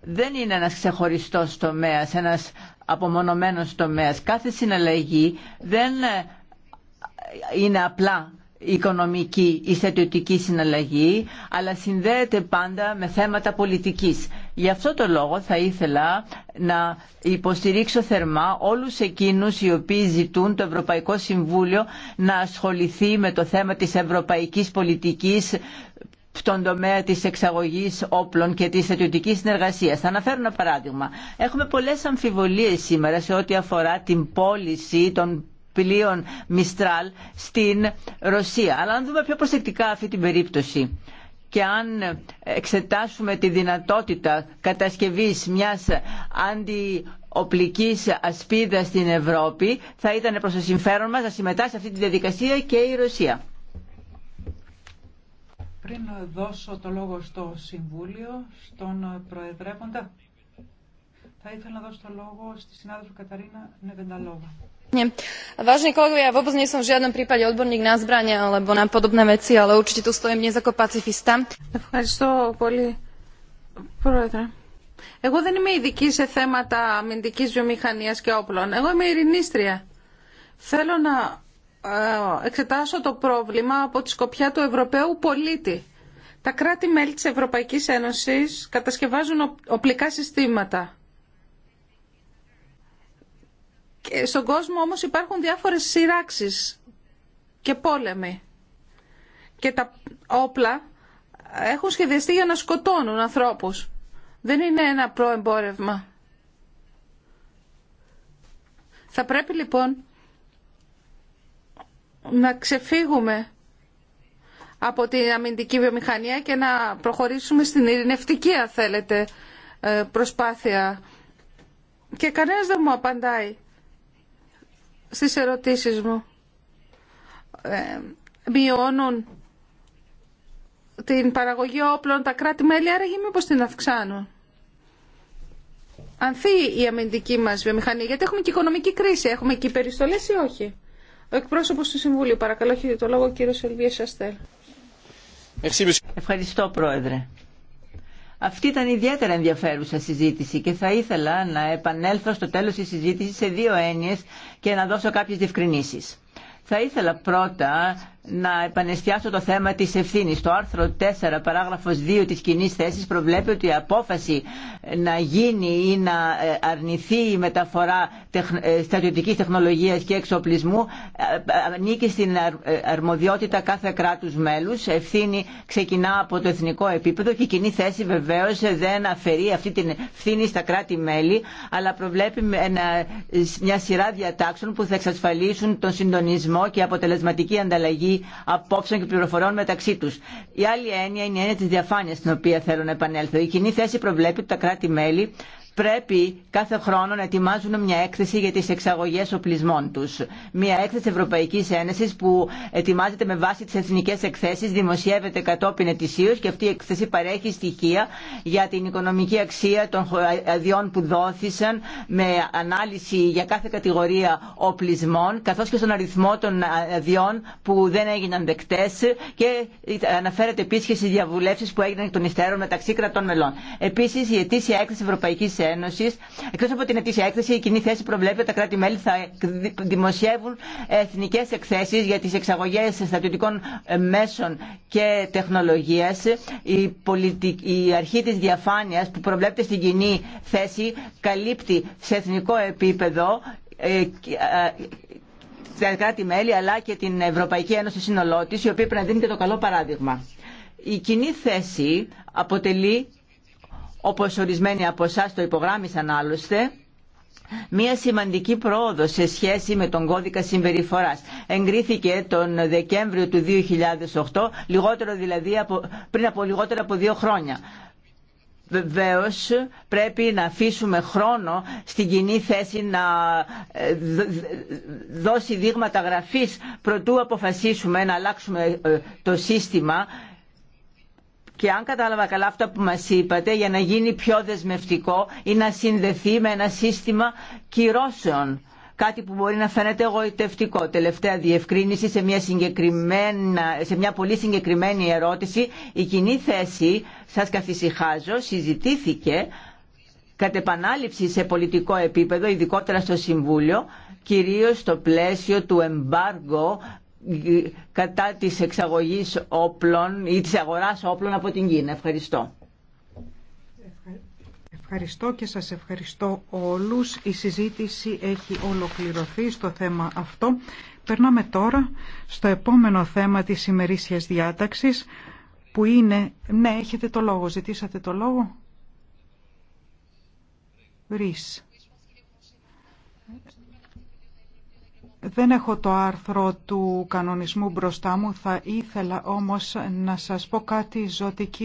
δεν είναι ένας ξεχωριστός τομέας, ένας απομονωμένος τομέας. Κάθε συναλλαγή δεν ε, είναι απλά οικονομική ή στρατιωτική συναλλαγή, αλλά συνδέεται πάντα με θέματα πολιτικής. Γι' αυτό το λόγο θα ήθελα να υποστηρίξω θερμά όλους εκείνους οι οποίοι ζητούν το Ευρωπαϊκό Συμβούλιο να ασχοληθεί με το θέμα της ευρωπαϊκής πολιτικής στον τομέα της εξαγωγής όπλων και της θετιωτικής συνεργασίας. Θα αναφέρω ένα παράδειγμα. Έχουμε πολλές αμφιβολίες σήμερα σε ό,τι αφορά την πώληση των πλοίων Μιστράλ στην Ρωσία. Αλλά αν δούμε πιο προσεκτικά αυτή την περίπτωση και αν εξετάσουμε τη δυνατότητα κατασκευής μιας αντιοπλικής ασπίδας στην Ευρώπη, θα ήταν προς το συμφέρον μας να συμμετάσχει αυτή τη διαδικασία και η Ρωσία. Πριν δώσω το λόγο στο Συμβούλιο, στον Προεδρεύοντα, θα ήθελα να δώσω το λόγο στη συνάδελφο Καταρίνα Νεβενταλόβα. Ευχαριστώ πολύ, Πρόεδρε. Εγώ δεν είμαι ειδική σε θέματα αμυντικής βιομηχανίας και όπλων. Εγώ είμαι ειρηνίστρια. Θέλω να ε, εξετάσω το πρόβλημα από τη σκοπιά του Ευρωπαίου πολίτη. Τα κράτη-μέλη της Ευρωπαϊκής Ένωσης κατασκευάζουν οπλικά συστήματα Ε, στον κόσμο όμως υπάρχουν διάφορες σειράξεις και πόλεμοι. Και τα όπλα έχουν σχεδιαστεί για να σκοτώνουν ανθρώπους. Δεν είναι ένα προεμπόρευμα. Θα πρέπει λοιπόν να ξεφύγουμε από την αμυντική βιομηχανία και να προχωρήσουμε στην ειρηνευτική, αν θέλετε, ε, προσπάθεια. Και κανένας δεν μου απαντάει στις ερωτήσεις μου ε, μειώνουν την παραγωγή όπλων τα κράτη-μέλη, άραγε μήπως την αυξάνουν. Ανθεί η αμυντική μας βιομηχανία, γιατί έχουμε και οικονομική κρίση, έχουμε και υπεριστολές ή όχι. Ο εκπρόσωπος του Συμβουλίου, παρακαλώ, έχει το λόγο, ο κύριο Ελβίες Αστέλ. Ευχαριστώ, Πρόεδρε. Αυτή ήταν ιδιαίτερα ενδιαφέρουσα συζήτηση και θα ήθελα να επανέλθω στο τέλος της συζήτησης σε δύο έννοιες και να δώσω κάποιες διευκρινήσεις. Θα ήθελα πρώτα να επανεστιάσω το θέμα της ευθύνης. Το άρθρο 4 παράγραφος 2 της κοινή θέσης προβλέπει ότι η απόφαση να γίνει ή να ε, αρνηθεί η μεταφορά ε, στρατιωτικής τεχνολογίας και εξοπλισμού ε, ανήκει στην αρμοδιότητα κάθε κράτους μέλους. Ευθύνη ξεκινά από το εθνικό επίπεδο και η κοινή θέση βεβαίως δεν αφαιρεί αυτή την ευθύνη στα κράτη-μέλη αλλά προβλέπει μια σειρά διατάξεων που θα εξασφαλίσουν τον συντονισμό και αποτελεσματική ανταλλαγή απόψεων και πληροφοριών μεταξύ του. Η άλλη έννοια είναι η έννοια τη διαφάνεια, στην οποία θέλω να επανέλθω. Η κοινή θέση προβλέπει ότι τα κράτη-μέλη πρέπει κάθε χρόνο να ετοιμάζουν μια έκθεση για τις εξαγωγές οπλισμών τους. Μια έκθεση Ευρωπαϊκής Ένωσης που ετοιμάζεται με βάση τις εθνικές εκθέσεις, δημοσιεύεται κατόπιν ετησίως και αυτή η έκθεση παρέχει στοιχεία για την οικονομική αξία των αδειών που δόθησαν με ανάλυση για κάθε κατηγορία οπλισμών καθώς και στον αριθμό των αδειών που δεν έγιναν δεκτές και αναφέρεται επίσης και στις διαβουλεύσεις που έγιναν των υστέρων μεταξύ κρατών μελών. Επίσης η ετήσια έκθεση Ευρωπαϊκής Ένωση. Εκτός από την ετήσια έκθεση, η κοινή θέση προβλέπει ότι τα κράτη-μέλη θα δημοσιεύουν εθνικές εκθέσεις για τις εξαγωγές στατιωτικών ε, μέσων και τεχνολογία. Η, αρχή της διαφάνειας που προβλέπεται στην κοινή θέση καλύπτει σε εθνικό επίπεδο ε, ε, τα κράτη-μέλη αλλά και την Ευρωπαϊκή Ένωση συνολό η οποία πρέπει να δίνει και το καλό παράδειγμα. Η κοινή θέση αποτελεί όπως ορισμένοι από εσά το υπογράμμισαν άλλωστε, Μία σημαντική πρόοδο σε σχέση με τον κώδικα συμπεριφοράς. Εγκρίθηκε τον Δεκέμβριο του 2008, λιγότερο δηλαδή πριν από λιγότερα από δύο χρόνια. Βεβαίω πρέπει να αφήσουμε χρόνο στην κοινή θέση να ε, δώσει δείγματα γραφής προτού αποφασίσουμε να αλλάξουμε ε, το σύστημα και αν κατάλαβα καλά αυτά που μας είπατε, για να γίνει πιο δεσμευτικό ή να συνδεθεί με ένα σύστημα κυρώσεων. Κάτι που μπορεί να φαίνεται εγωιτευτικό. Τελευταία διευκρίνηση σε μια, σε μια πολύ συγκεκριμένη ερώτηση. Η κοινή θέση, σας καθησυχάζω, συζητήθηκε κατ' επανάληψη σε πολιτικό επίπεδο, ειδικότερα στο Συμβούλιο, κυρίως στο πλαίσιο του εμπάργου κατά της εξαγωγής όπλων ή της αγοράς όπλων από την Κίνα. Ευχαριστώ. Ευχαριστώ και σας ευχαριστώ όλους. Η συζήτηση έχει ολοκληρωθεί στο θέμα αυτό. Περνάμε τώρα στο επόμενο θέμα της ημερήσιας διάταξης που είναι... Ναι, έχετε το λόγο. Ζητήσατε το λόγο. Ρίσ. Δεν έχω το άρθρο του κανονισμού μπροστά μου, θα ήθελα όμως να σας πω κάτι ζωτική